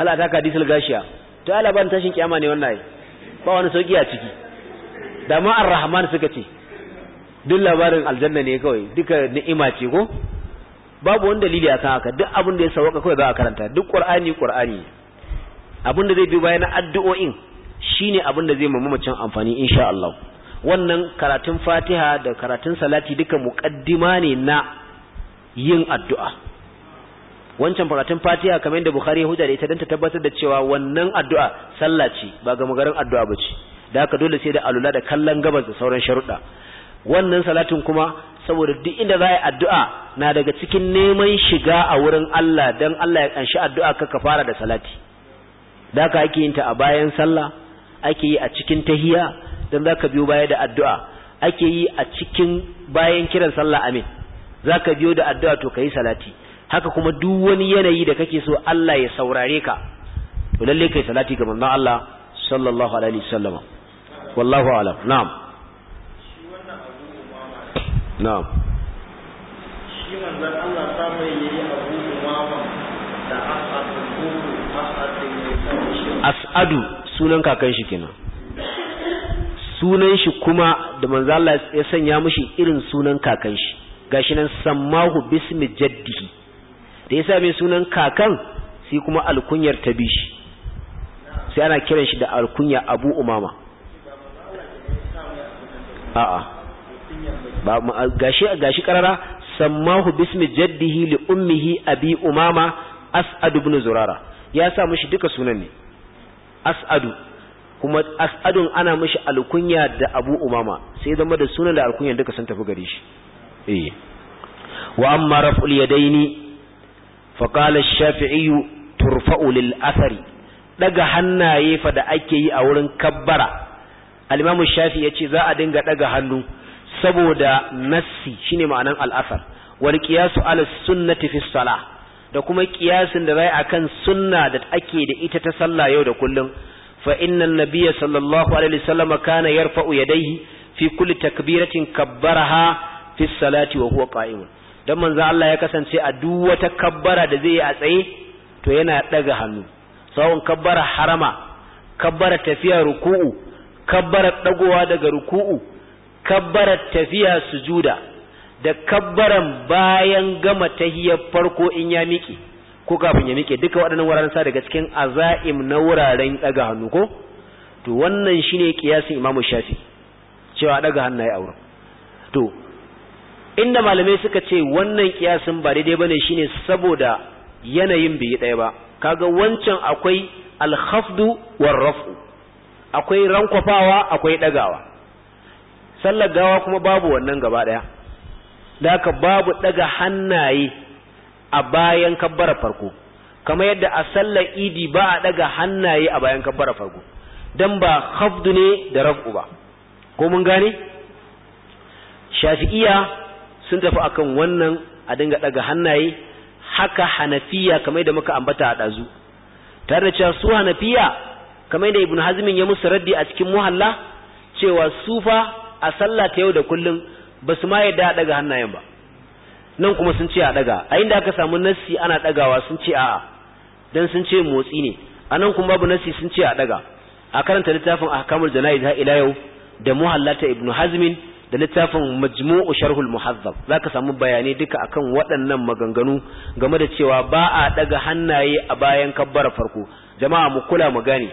Speaker 1: hal ka disal gashiya to ya labarin tashin kyama ne wannan ba wani sauki a ciki da ma ar-rahman suka ce duk labarin aljanna ne kawai duka ni'ima ce ko babu wani dalili akan haka duk abin da ya sauka kawai za a karanta duk ƙwar'ani ƙwar'ani abin da zai bi bayan addu'o'in shine abin da zai mamamacin amfani insha Allah wannan karatun Fatiha da karatun salati duka muqaddima ne na yin addu'a wancan faratun fatiya kamar da bukhari ya huda da ita don ta tabbatar da cewa wannan addu'a sallah ce ba ga magarin addu'a ba ce da aka dole sai da alula da kallon gabas da sauran sharuɗa wannan salatin kuma saboda duk inda za a yi addu'a na daga cikin neman shiga a wurin Allah don Allah ya ƙanshi addu'a ka fara da salati. Da ka ake yin ta a bayan sallah, ake yi a cikin tahiya don za ka biyo baya da addu'a, ake yi a cikin bayan kiran sallah amin. zaka biyo da addu'a to kai salati haka kuma duk wani yanayi da kake so Allah ya saurare ka to lalle kai salati ga manzon Allah sallallahu alaihi wasallam wallahu a'lam na'am na'am shi manzon Allah ta mai yayi abu umama da as'adu sunan kakan shi kenan sunan shi kuma da manzon Allah ya sanya mishi irin sunan kakan shi gashi nan sammahu bismi jaddihi da yasa mai sunan kakan sai kuma alkunyar ta bishi sai ana kiran shi da alkunya Abu Umama a ba gashi gashi karara sammahu bismi jaddihi li ummihi abi umama as'ad ibn zurara ya sa mishi duka sunan ne as'adu kuma as'adun ana mishi alkunya da abu umama sai zama da sunan da alkunya duka sun tafi gare shi eh wa amma raf'ul yadaini fa qala ash turfa'u lil athari daga hannaye fa da ake yi a wurin kabbara al-imamu shafi yace za a dinga daga hannu saboda nassi shine ma'anan al-athar wal qiyasu ala sunnati fi salah da kuma kiyasin da zai akan sunna da ake da ita ta sallah yau da kullum fa innan nabiyya sallallahu alaihi wasallam kana yarfa'u yadayhi fi kulli takbiratin kabbaraha fi salati wa huwa qa'imun dan manzo Allah ya kasance a duk wata kabbara da zai yi a tsaye to yana daga hannu sawon kabbara harama kabbara tafiya ruku'u kabbara dagowa daga ruku'u kabbara tafiya sujuda da kabbaran bayan gama tahiyar farko in ya miƙe ko kafin ya miƙe duka waɗannan wuraren sa daga cikin azaim na wuraren daga hannu ko to wannan shine kiyasin imamu Shafi cewa daga hannaye aure to inda malamai suka ce wannan kiyasin ba daidai bane shine saboda yanayin bai ɗaya ba kaga wancan akwai alhafdu war raf'u akwai rankwafawa akwai ɗagawa sallar gawa kuma babu wannan gaba daya daka babu daga hannaye a bayan kabbara farko kamar yadda a sallar idi ba a daga hannaye a bayan kabbara farko dan ba hafdu ne da raf'u ba ko mun gane shafi'iya sun tafi akan wannan a dinga daga hannaye haka hanafiya kamar da muka ambata a dazu tare da cewa su hanafiya kamar da ibnu hazmin ya musu raddi a cikin muhalla cewa sufa a sallah ta yau da kullun ba su ma yadda daga hannayen ba nan kuma sun ce a daga a inda aka samu nassi ana dagawa sun ce a'a dan sun ce motsi ne a nan kuma babu nassi sun ce a daga a karanta littafin ahkamul janayiz ha ila yau da muhallata ibnu hazmin da littafin majmu'u sharhul muhazzab zaka samu bayanai duka akan waɗannan maganganu game da cewa ba a daga hannaye a bayan kabbara farko jama'a mu kula mu gane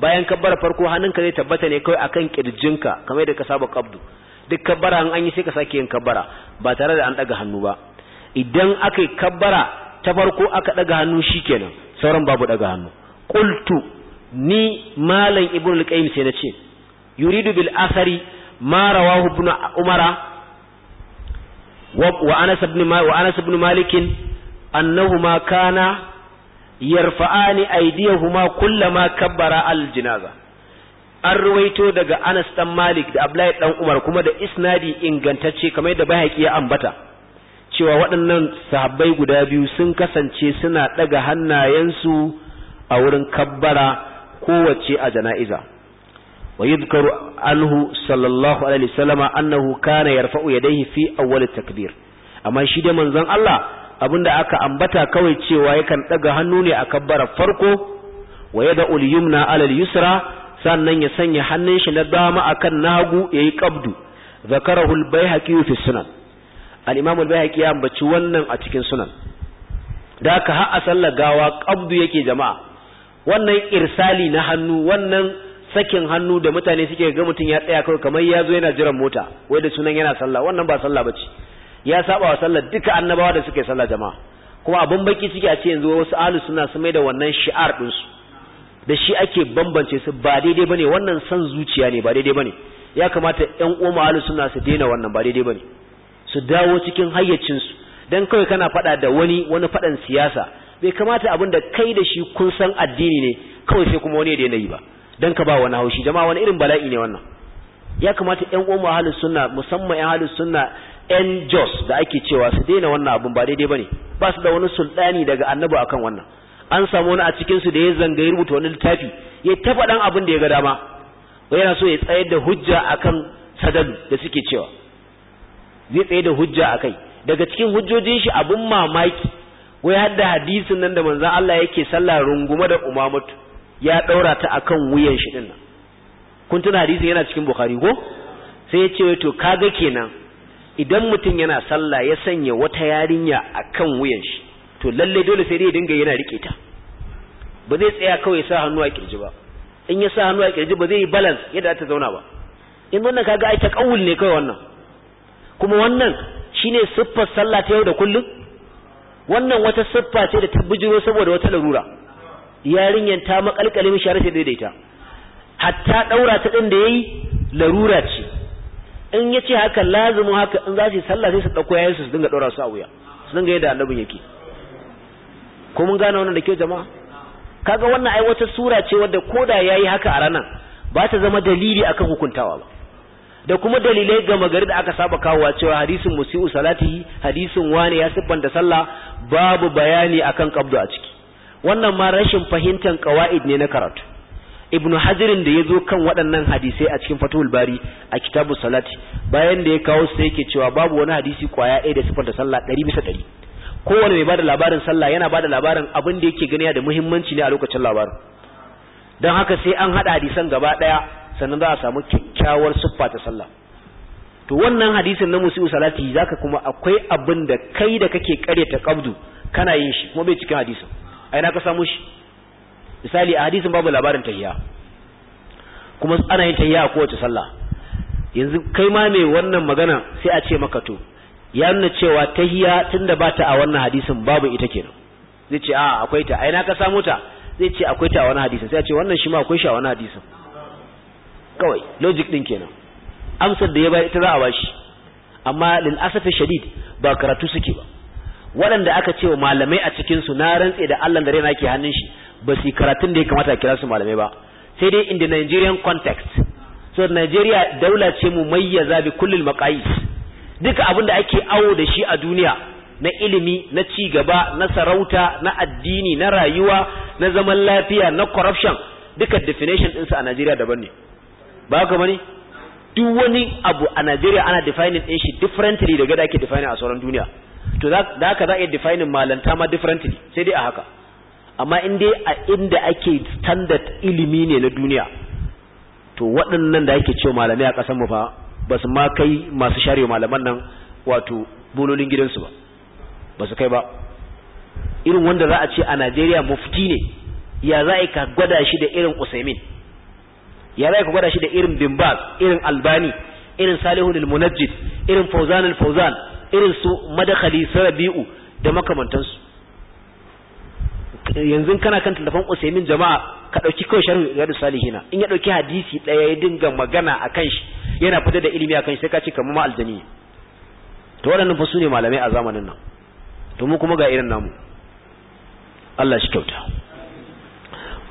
Speaker 1: bayan kabbara farko hannunka zai tabbata ne kai akan kirjinka kamar da ka saba kabdu duk kabbara an yi sai ka sake yin kabbara ba tare da an daga hannu ba idan aka yi kabbara ta farko aka daga hannu shikenan sauran babu daga hannu qultu ni malam ibnu al-qayyim sai na ce yuridu bil asari ما رواه ابن عمر وأنس بن وأنس بن مالك أنهما كانا يرفعان أيديهما كلما كبر الجنازة an ruwaito daga Anas dan Malik da Abdullahi dan Umar kuma da isnadi ingantacce kamar yadda Baihaqi ya ambata cewa waɗannan sahabbai guda biyu sun kasance suna ɗaga hannayensu a wurin kabbara kowace a jana'iza ويذكر عنه صلى الله عليه وسلم أنه كان يرفع يديه takbir. Amma shi أما شيد من ذن الله abinda aka ambata kawai cewa yakan ɗaga hannu ne a kabbara farko wa da Ulyum na alal yusra sannan ya sanya hannun shi na dama akan nagu yayi qabdu zakarahu al baihaqi fi sunan al imam al ya ambaci wannan a cikin sunan da aka har a sallar gawa qabdu yake jama'a wannan irsali na hannu wannan sakin hannu da mutane suke ga mutum ya tsaya kawai kamar ya zo yana jiran mota wai da sunan yana sallah wannan ba sallah bace ya saba wa sallah duka annabawa da suke sallah jama'a kuma abin baki suke a ce yanzu wasu ahlus sunna su mai da wannan shi'ar din su da shi ake bambance su ba daidai bane wannan san zuciya ne ba daidai bane ya kamata ƴan uwa ahlus sunna su daina wannan ba daidai bane su dawo cikin hayyacin su dan kawai kana fada da wani wani fadan siyasa bai kamata abin da kai da shi kun san addini ne kawai sai kuma wani ya yanayi yi ba dan ka ba wani haushi jama'a wani irin bala'i ne wannan ya kamata ƴan uwan halin sunna musamman ƴan halin sunna ƴan jos da ake cewa su daina wannan abun ba daidai bane ba su da wani sultani daga annabi akan wannan an samu wani a cikin su da ya zangayi rubuta wani littafi ya ta faɗan abin da ya ga dama yana so ya tsayar da hujja akan sadar da suke cewa zai tsaye da hujja akai daga cikin hujjojin shi abun mamaki wai hadda hadisin nan da manzon Allah yake sallah runguma da umamatu ya ɗaura ta kan wuyan shi din kun tuna hadisin yana cikin bukari ko sai ya ce to kaga kenan idan mutum yana sallah ya sanya wata yarinya akan wuyan shi to lalle dole sai dai dinga yana rike ta ba zai tsaya kawai sa hannu a kirji ba in ya sa hannu a kirji ba zai yi balance yadda ta zauna ba in wannan kaga ai taqawul ne kawai wannan kuma wannan shine siffar sallah ta yau da kullum wannan wata siffa ce da ta bijiro saboda wata larura yarinyar ta makalkale mishi har sai daidaita hatta daura ta din da yayi larura ce in yace haka lazimu haka in za su sallah sai su dauko yayin su su dinga daura su a wuya su dinga yadda annabin yake ko mun gane wannan da ke jama'a kaga wannan ai wata sura ce wadda koda yayi haka a ranar ba ta zama dalili akan hukuntawa ba da kuma dalilai gama gari da aka saba kawowa cewa hadisin musiu salatihi hadisin wani ya siffanta sallah babu bayani akan qabdu a ciki wannan ma rashin fahimtar kawa'id ne na karatu ibnu hazirin da ya zo kan waɗannan hadisai a cikin fatuhul bari a kitabu salati bayan da ya kawo su yake cewa babu wani hadisi kwaya ɗaya da sifar da sallah ɗari bisa ɗari kowane mai bada labarin sallah yana bada labarin abin da yake gani da muhimmanci ne a lokacin labarin don haka sai an haɗa hadisan gaba ɗaya sannan za a samu kyakkyawar siffa ta sallah to wannan hadisin na musu salati zaka kuma akwai abin da kai da kake ta kabdu kana yin shi kuma bai cikin hadisin a ina ka samu shi misali a hadisin babu labarin tahiyya kuma ana yin tahiyya a kowace sallah yanzu kai ma mai wannan magana sai a ce maka to ya nuna cewa tahiya tunda ba ta a wannan hadisin babu ita kenan zai ce a akwai ta a ina ka samu ta zai ce akwai ta a wani hadisin sai a ce wannan shi ma akwai shi a wani hadisin kawai logic din kenan amsar da ya bayar ita za a bashi amma lil asafi shadid ba karatu suke ba waɗanda aka ce wa malamai a cikin su na rantse da Allah da rena ke hannun shi ba su karatun da ya kamata a kira su malamai ba sai dai in the Nigerian context so Nigeria daula ce mu mayyaza bi kullul maqayis duka abin da ake awo da shi a duniya na ilimi na ci gaba na sarauta na addini na rayuwa na zaman lafiya na corruption duka definition ɗinsa a Najeriya daban ne ba haka bane duk wani abu a Nigeria ana defining ɗin shi differently daga da ake defining a sauran duniya to da haka za a yi defining malanta ma differently sai dai a haka amma in dai a inda ake standard ilimi ne na duniya to waɗannan da ake cewa malamai a ƙasar mu fa ba su ma kai masu share malaman nan wato bololin gidansu ba ba su kai ba irin wanda za a ce a Najeriya mufti ne ya za a gwada shi da irin Usaimin ya za a gwada shi da irin Bimbas irin Albani irin Salihu al-Munajjid irin Fawzan al-Fawzan irin su madakali sarabi'u da makamantansu yanzu kana kan tallafin usaimin jama'a ka ɗauki kawai sharhu da salihina in ya ɗauki hadisi ɗaya ya dinga magana a kan shi yana fitar da ilimi a kan shi sai ka ce kamar ma aljani to waɗannan fa su ne malamai a zamanin nan to mu kuma ga irin namu Allah shi kyauta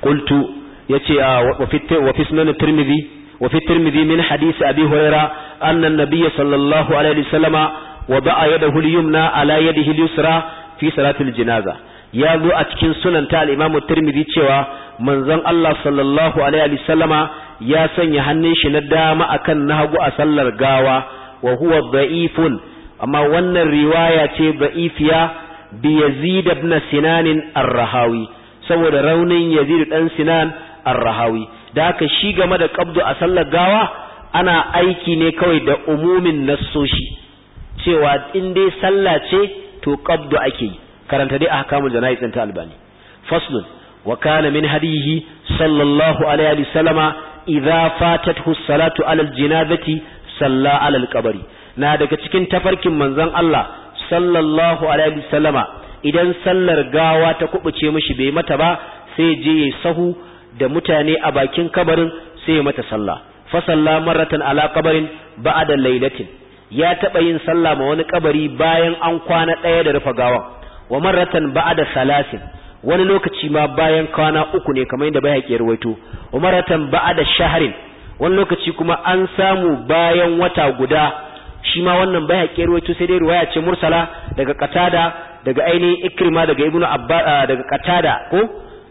Speaker 1: qultu yace ah, wa fi wa fi sunan tirmidhi wa fi tirmidhi min hadisi abi huraira anna an sallallahu alaihi wasallama wa ba'a yadahu al na ala hilisra al fi salatil janaza ya zo a cikin sunan ta al-imamu tirmidhi cewa manzon Allah sallallahu alaihi wa sallama ya sanya hannun shi na dama akan na hagu a sallar gawa Wahuwa huwa da'ifun amma wannan riwaya ce ba'ifiya bi yazid ibn sinan saboda raunin yazid dan sinan ar da haka shi game da qabdu a sallar gawa ana aiki ne kawai da umumin nassoshi cewa in dai sallah ce to qabdu ake yi karanta dai ahkamul jana'iz ta albani faslun wa kana min hadihi sallallahu alaihi wa sallama idza fatathu salatu ala aljinazati salla ala alqabri na daga cikin tafarkin manzon Allah sallallahu alaihi wa sallama idan sallar gawa ta kubuce mishi bai mata ba sai je yayi sahu da mutane a bakin kabarin sai ya mata sallah fa salla marratan ala qabarin ba'da lailatin ya taɓa yin sallah ma wani kabari bayan an kwana ɗaya da rufe gawan wa ba'a da salasin wani lokaci ma bayan kwana uku ne kamar yadda bai haƙe ruwaito wa marratan ba'da shaharin wani lokaci kuma an samu bayan wata guda shi ma wannan bai haƙe ruwaito sai dai ruwaya ce mursala daga qatada daga ainihin ikrima daga ibnu abba daga qatada ko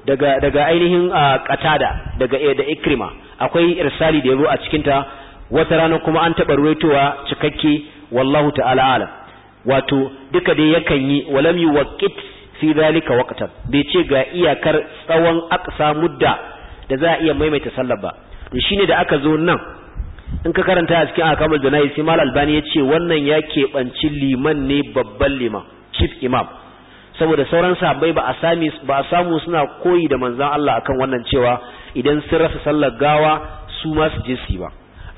Speaker 1: daga daga ainihin qatada daga eh, da ikrima akwai irsali da yabo a cikin ta wata rana kuma an taɓa ruwaitowa cikakke wallahu ta'ala alam wato duka dai yakan yi walam waƙit fi zalika waqtan bai ce ga iyakar tsawon aqsa mudda da za a iya maimaita sallar ba to shine da aka zo nan in ka karanta a cikin akamul janayi sai mal albani ce wannan ya keɓanci liman ne babban liman chief imam saboda sauran sahabbai ba a ba a samu suna koyi da manzon Allah akan wannan cewa idan sun rasa sallar gawa su ma su je su ba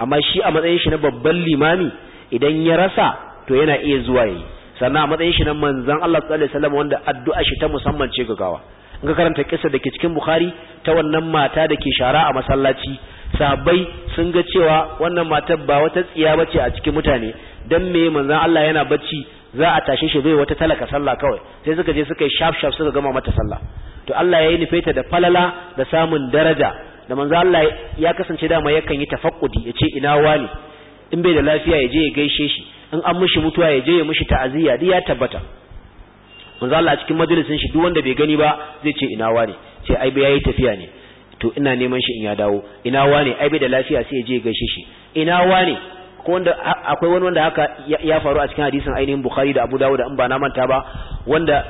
Speaker 1: amma shi a matsayin shi na babban limami idan ya rasa to yana iya zuwa yi sannan a matsayin shi na manzan Allah sallallahu alaihi wasallam wanda addu'a shi ta musamman ce gagawa in ka karanta kissa da ke cikin Bukhari ta wannan mata da ke shara a masallaci sabai sun ga cewa wannan matar ba wata tsiya bace a cikin mutane dan me manzon Allah yana bacci za a tashe shi bai wata talaka sallah kawai sai suka je suka yi shaf shaf suka gama mata sallah to Allah ya yi nufeta da falala da samun daraja da manzo Allah ya kasance dama yakan yi tafakkudi ya ce ina wani in bai da lafiya ya je ya gaishe shi in an mishi mutuwa ya je ya mishi ta'aziyya dai ya tabbata manzo Allah a cikin majalisin shi duk wanda bai gani ba zai ce ina wani sai ai bai yayi tafiya ne to ina neman shi in ya dawo ina wani ai bai da lafiya sai ya je ya gaishe shi ina wani ko wanda akwai wani wanda haka ya faru a cikin hadisin ainihin Bukhari da Abu Dawud in ba na manta ba wanda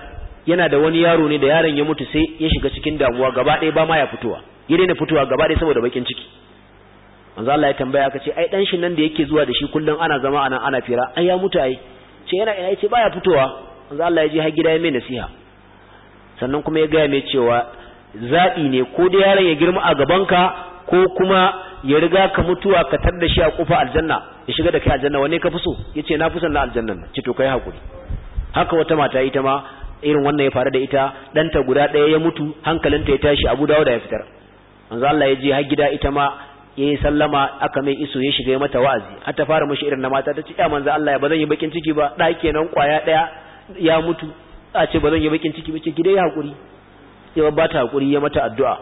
Speaker 1: yana da wani yaro ne da yaron ya mutu sai ya shiga cikin damuwa gaba ɗaya ba ma ya fitowa ya daina fitowa gaba ɗaya saboda bakin ciki manzo Allah ya tambaya aka ce ai dan shin nan da yake zuwa da shi kullun ana zama ana ana fira ai ya mutu ai ce yana ina yace baya fitowa manzo Allah ya je har gida ya mai nasiha sannan kuma ya gaya mai cewa zaɓi ne ko da yaron ya girma a gabanka ko kuma ya riga ka mutuwa ka tar da shi a kofa aljanna ya shiga da kai aljanna wanne ka fi so yace na fi son na aljanna ce to kai hakuri haka wata mata ita ma irin wannan ya faru da ita ɗanta guda ɗaya ya mutu hankalinta ya tashi abu dawo da ya fitar manzo Allah ya je har gida ita ma ya yi sallama aka mai iso ya shiga mata wa'azi har ta fara mishi irin na mata ta ce ya manzo Allah ya bazan yi bakin ciki ba da kenan kwaya daya ya mutu a ce bazan yi bakin ciki ba ce gida ya hakuri ya ba ta hakuri ya mata addu'a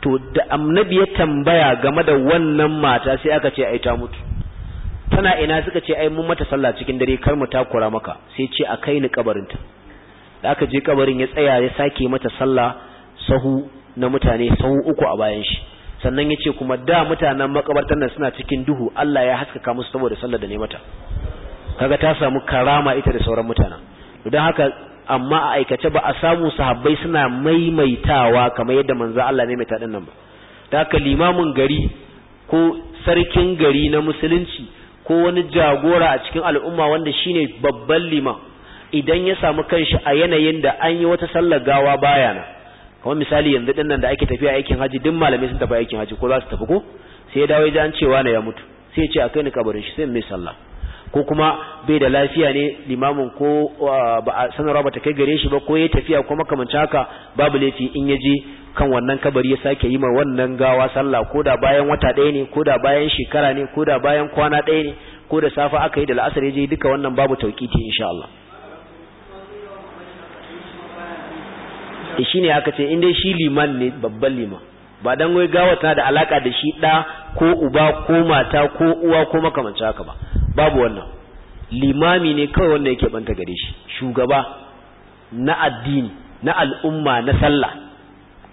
Speaker 1: to da annabi ya tambaya game da wannan mata sai aka ce ai ta mutu tana ina suka ce ai mun mata sallah cikin dare kar mu takura maka sai ce a kai ni kabarinta da aka je kabarin ya tsaya ya sake mata sallah sahu na mutane sau uku a bayan shi sannan ya ce kuma da mutanen makabartar nan suna cikin duhu Allah ya haskaka musu saboda sallar da ne mata kaga ta samu karama ita da sauran mutanen don haka amma a aikace ba a samu sahabbai suna maimaitawa kamar yadda manzo Allah maimaita ta nan ba da haka limamin gari ko sarkin gari na musulunci ko wani jagora a cikin al'umma wanda shine babban liman idan ya samu kanshi a yanayin da an yi wata sallar gawa baya bayana kamar misali yanzu din nan da ake tafiya aikin haji duk malamai sun tafi aikin haji ko za su tafi ko sai ya dawo ya ji an cewa na ya mutu sai ya ce a kai ni kabarin shi sai mai sallah ko kuma bai da lafiya ne limamin ko ba a sanarwa ba ta kai gare shi ba ko ya tafiya ko makamanci haka babu laifi in ya je kan wannan kabari ya sake yi ma wannan gawa sallah ko da bayan wata ɗaya ne ko da bayan shekara ne ko da bayan kwana ɗaya ne ko da safa aka yi da la'asar ya je duka wannan babu tauƙiti insha Allah to shine aka ce in dai shi liman ne babban liman ba dan wai gawa tana da alaka da shi ɗa ko uba ko mata ko uwa ko makamanci haka ba babu wannan limami ne kawai wanda yake banta gare shi shugaba na addini na al'umma na sallah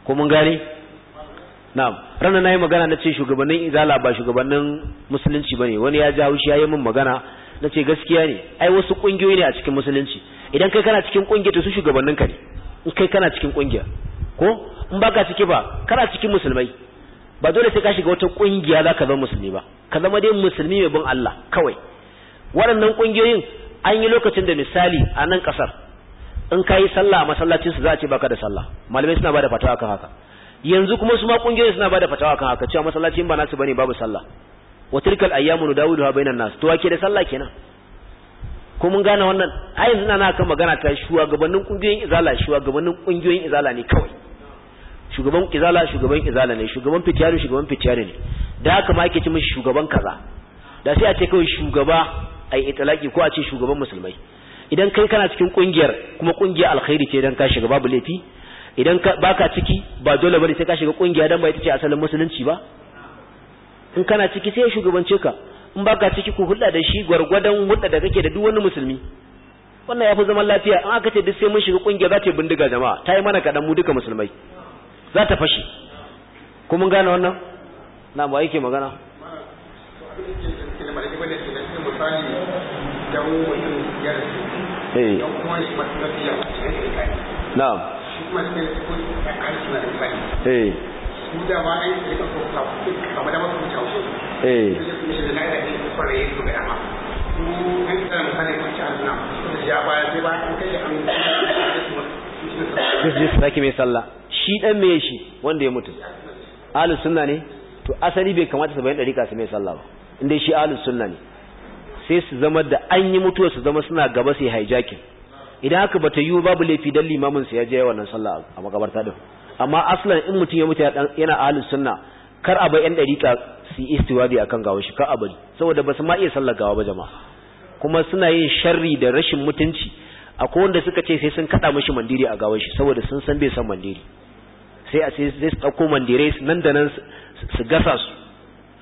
Speaker 1: ko mun gane na'am ranar nayi magana nace shugabannin izala ba shugabannin musulunci bane wani ya ji haushi yi min magana nace gaskiya ne ai wasu kungiyoyi ne a cikin musulunci idan kai kana cikin kungiyar su shugabannin ka ne in kai kana cikin kungiya ko in baka ciki ba kana cikin musulmai ba dole sai ka shiga wata kungiya zaka zama musulmi ba ka zama dai musulmi mai bin Allah kawai waɗannan kungiyoyin an yi lokacin da misali a nan kasar in ka yi sallah a masallacin su za a ce baka da sallah malamai suna bada fatawa kan haka yanzu kuma su ma kungiyoyin suna bada fatawa kan haka cewa masallacin ba nasu bane babu sallah wa tilkal ayyamu nudawiluha bainan nas to wake da sallah kenan ko mun gane wannan a yanzu na kan magana ta shugabannin kungiyoyin izala shugabannin kungiyoyin izala ne kawai shugaban izala shugaban izala ne shugaban fitiyari shugaban fitiyari ne da haka ma ake ce mishi shugaban kaza da sai a ce kawai shugaba ai italaki ko a ce shugaban musulmai idan kai kana cikin kungiyar kuma kungiyar alkhairi ce dan ka shiga babu laifi idan ka baka ciki ba dole bane sai ka shiga kungiya dan ba ita ce asalin musulunci ba in kana ciki sai shugabance ka in ka ciki ku hulɗa da shi gwargwadon hulɗa da kake da duk wani musulmi wannan ya fi zaman lafiya an aka ce duk sai mun shiga kungiya za ta yi bindiga jama'a ta yi mana kaɗan mu duka musulmai za ta fashe ko mun gane wannan na ba yake magana eh. na'am su da ma da su su ya baya sai ba saki mai sallah shi dan me shi wanda ya mutu ahlus sunna ne to asali bai kamata su bayan dariƙa su mai sallah ba inda shi ahlus sunna ne sai su zama da an yi mutuwa su zama suna gaba su yi hijacking idan haka bata yiwu babu laifi dan limamin su ya je wannan sallah a makabarta din amma aslan in mutum ya mutu yana ahlus sunna kar a bai yan dariƙa su yi a akan gawa shi kar a bari saboda ba su ma iya sallar gawa ba jama'a kuma suna yin sharri da rashin mutunci akwai wanda suka ce sai sun kada mishi mandiri a gawar shi saboda sun san bai san mandiri sai a sai su dauko mandirai nan da nan su gasa su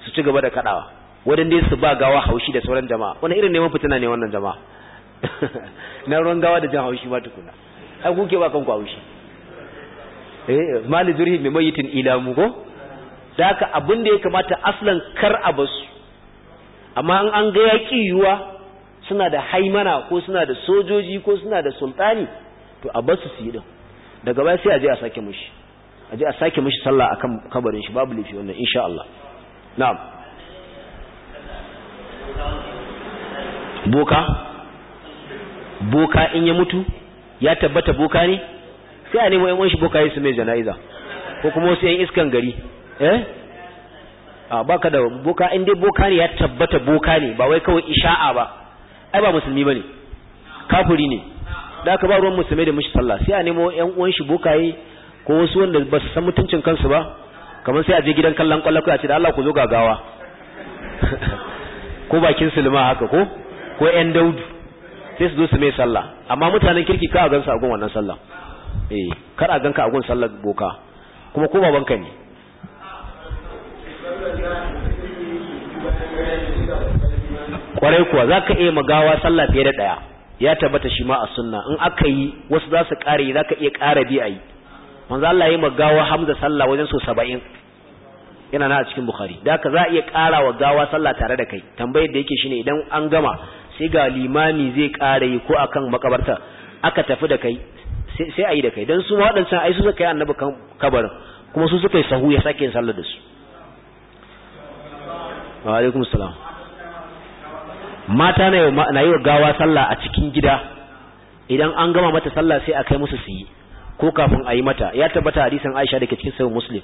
Speaker 1: su ci gaba da kadawa wadan dai su ba gawa haushi da sauran jama'a wani irin neman fitina ne wannan jama'a na ruwan gawa da jan haushi ba tukuna ai kuke ba kanku haushi eh mali zurhi mai mayitin ila mugo da haka abin da ya kamata aslan kar a basu amma an ga yaƙi yiwuwa suna da haimana ko suna da sojoji ko suna da sultani to a basu su yi din daga baya sai a je a sake mushi a je a sake mushi sallah akan kabarin shi babu lifi wannan insha Allah na'am boka boka in ya mutu ya tabbata boka ne sai a nemo yan wanshi bokaye su mai jana'iza ko kuma wasu yan iskan gari eh ba ka da boka in dai boka ne ya tabbata boka ne ba wai kawai isha'a ba ai ba musulmi ba ne. Kafuri ne da aka ba ruwan musulmai da mashi sallah sai a nemo yan uwan shi bokaye ko wasu wanda ba su san mutuncin kansu ba kamar sai a je gidan kallon kwallo kai a ce da Allah ku zo gagawa ko bakin sulma haka ko ko yan daudu sai su zo su mai sallah amma mutanen kirki ka a gansu a gun wannan sallah eh kar a ganka a gun sallar boka kuma ko babanka ne kwarai kuwa za ka iya magawa sallah fiye da ɗaya ya tabbata shi ma a sunna in aka yi wasu za su ƙare za ka iya ƙara bi a yi manzo Allah ya magawa hamza sallah wajen so saba'in yana na a cikin bukhari da ka za a iya ƙara wa gawa sallah tare da kai tambayar da yake shine idan an gama sai ga limami zai ƙara yi ko akan makabarta aka tafi da kai sai a yi da kai don su waɗancan ai su suka yi annabi kabarin kuma su suka yi sahu ya sake sallar da su alaikum mata na yi wa gawa sallah a cikin gida idan an gama mata sallah sai a kai musu su yi ko kafin a yi mata ya tabbata hadisan aisha da ke cikin sahih muslim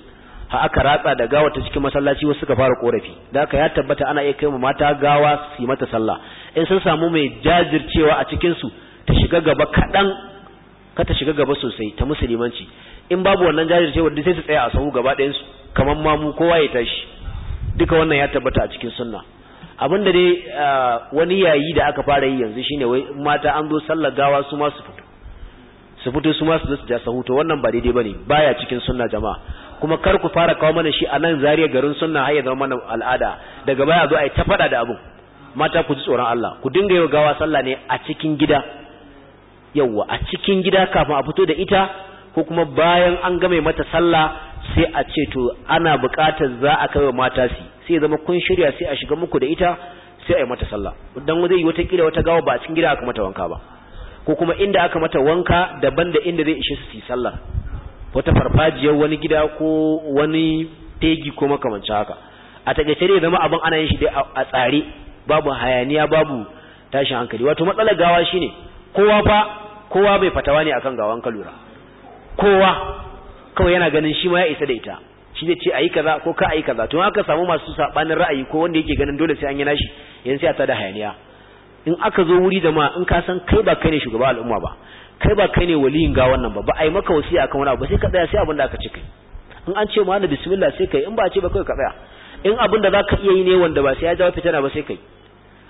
Speaker 1: ha aka ratsa da gawa ta cikin masallaci wasu suka fara korafi da aka ya tabbata ana iya kai mata gawa su yi mata sallah in sun samu mai jajircewa a cikinsu ta shiga gaba kaɗan ka ta shiga gaba sosai ta musulmanci in babu wannan jajircewa duk sai su tsaya a sahu gaba ɗayan su kamar mamu kowa ya tashi duka wannan ya tabbata a cikin sunna abin da dai wani yayi da aka fara yi yanzu shine wai mata an zo sallar gawa su ma su fito su fito su ma su su ja sahu to wannan ba daidai bane baya cikin sunna jama'a kuma kar ku fara kawo mana shi a nan zariya garin sunna har ya zama mana al'ada daga baya zo a yi ta fada da abin mata ku ji tsoron Allah ku dinga yi gawa sallah ne a cikin gida yawwa a cikin gida kafin a fito da ita ko kuma bayan an game mata sallah sai a ce to ana buƙatar za a kai wa mata su sai zama kun shirya sai a shiga muku da ita sai a yi mata sallah dan zai yi wata kila wata gawa ba a cikin gida aka mata wanka ba ko kuma inda aka mata wanka daban da inda zai ishe su yi sallah wata farfajiyar wani gida ko wani tegi ko makamancin haka a takaice zai zama abin ana yin shi dai a tsare babu hayaniya babu tashin hankali wato matsalar gawa shine kowa fa kowa bai fatawa ne akan gawan ka lura kowa kawai yana ganin shi ma ya isa da ita shi zai ce ayi kaza ko ka ayi kaza to aka samu masu sabanin ra'ayi ko wanda yake ganin dole sai an yi nashi yanzu sai a tada hayaniya in aka zo wuri da ma in ka san kai ba kai ne shugaba al'umma ba kai ba kai ne waliyin ga wannan ba ba ai maka wasiya akan wani abu sai ka tsaya sai abin da aka ce kai in an ce ma na bismillah sai kai in ba a ce ba kai ka tsaya in abin da zaka iya yi ne wanda ba sai ya jawo fitana ba sai kai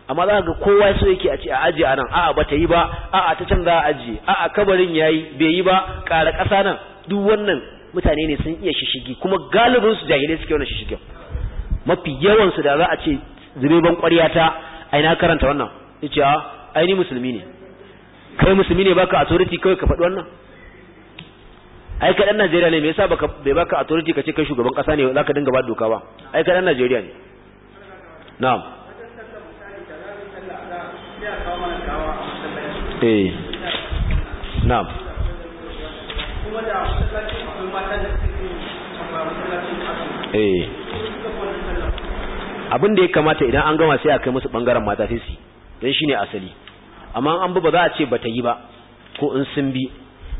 Speaker 1: amma za ga kowa so yake a ce a aje anan a'a bata yi ba a'a ta can za a aje a'a kabarin ya yi bai yi ba ƙara ƙasa nan duk wannan mutane ne sun iya shishigi kuma galibin su jahilai suke wannan shishigin mafi yawan su da za a ce zubeban ƙwarya ta ai na karanta wannan yace a ah, ai ni musulmi ne kai musulmi ne baka authority kai ka faɗi wannan ai ka dan Najeriya ne me yasa baka bai baka authority ka ce kai shugaban ƙasa ne zaka dinga ba doka ba ai ka dan Najeriya ne na'am eh eh abin da ya kamata idan an gama sai a kai musu bangaren mata sai su dan shine asali amma an bi ba za a ce bata yi ba ko in sun bi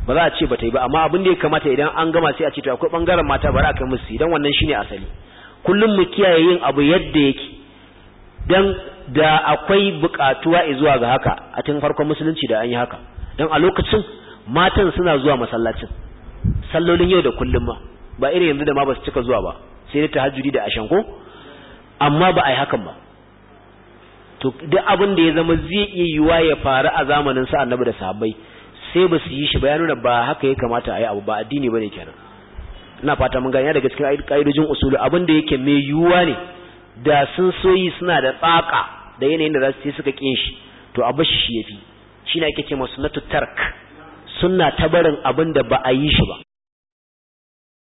Speaker 1: ba za a ce bata yi ba amma abin da ya kamata idan an gama sai a ce to akwai bangaren mata ba za a kai musu idan wannan shine asali kullum mu kiyaye yin abu yadda yake dan da akwai bukatuwa zuwa ga haka a cikin farkon musulunci da an yi haka don a lokacin matan suna zuwa masallacin sallolin yau da kullum ma ba irin yanzu da ma ba su cika zuwa ba sai da tahajjudi da ashanko amma ba a yi hakan ba to duk abin da ya zama zai iya yiwa ya faru a zamanin sa annabi da sahabbai sai ba su yi shi ba ya nuna ba haka ya kamata a yi abu ba addini bane kenan ina fata mun gani daga cikin ka'idojin usulu abin da yake mai yiwuwa ne da sun soyi suna da tsaka da yanayin da za su suka kin shi to a bashi shi yafi shine ake cewa sunnatu tark sunna ta barin abin da ba a yi shi ba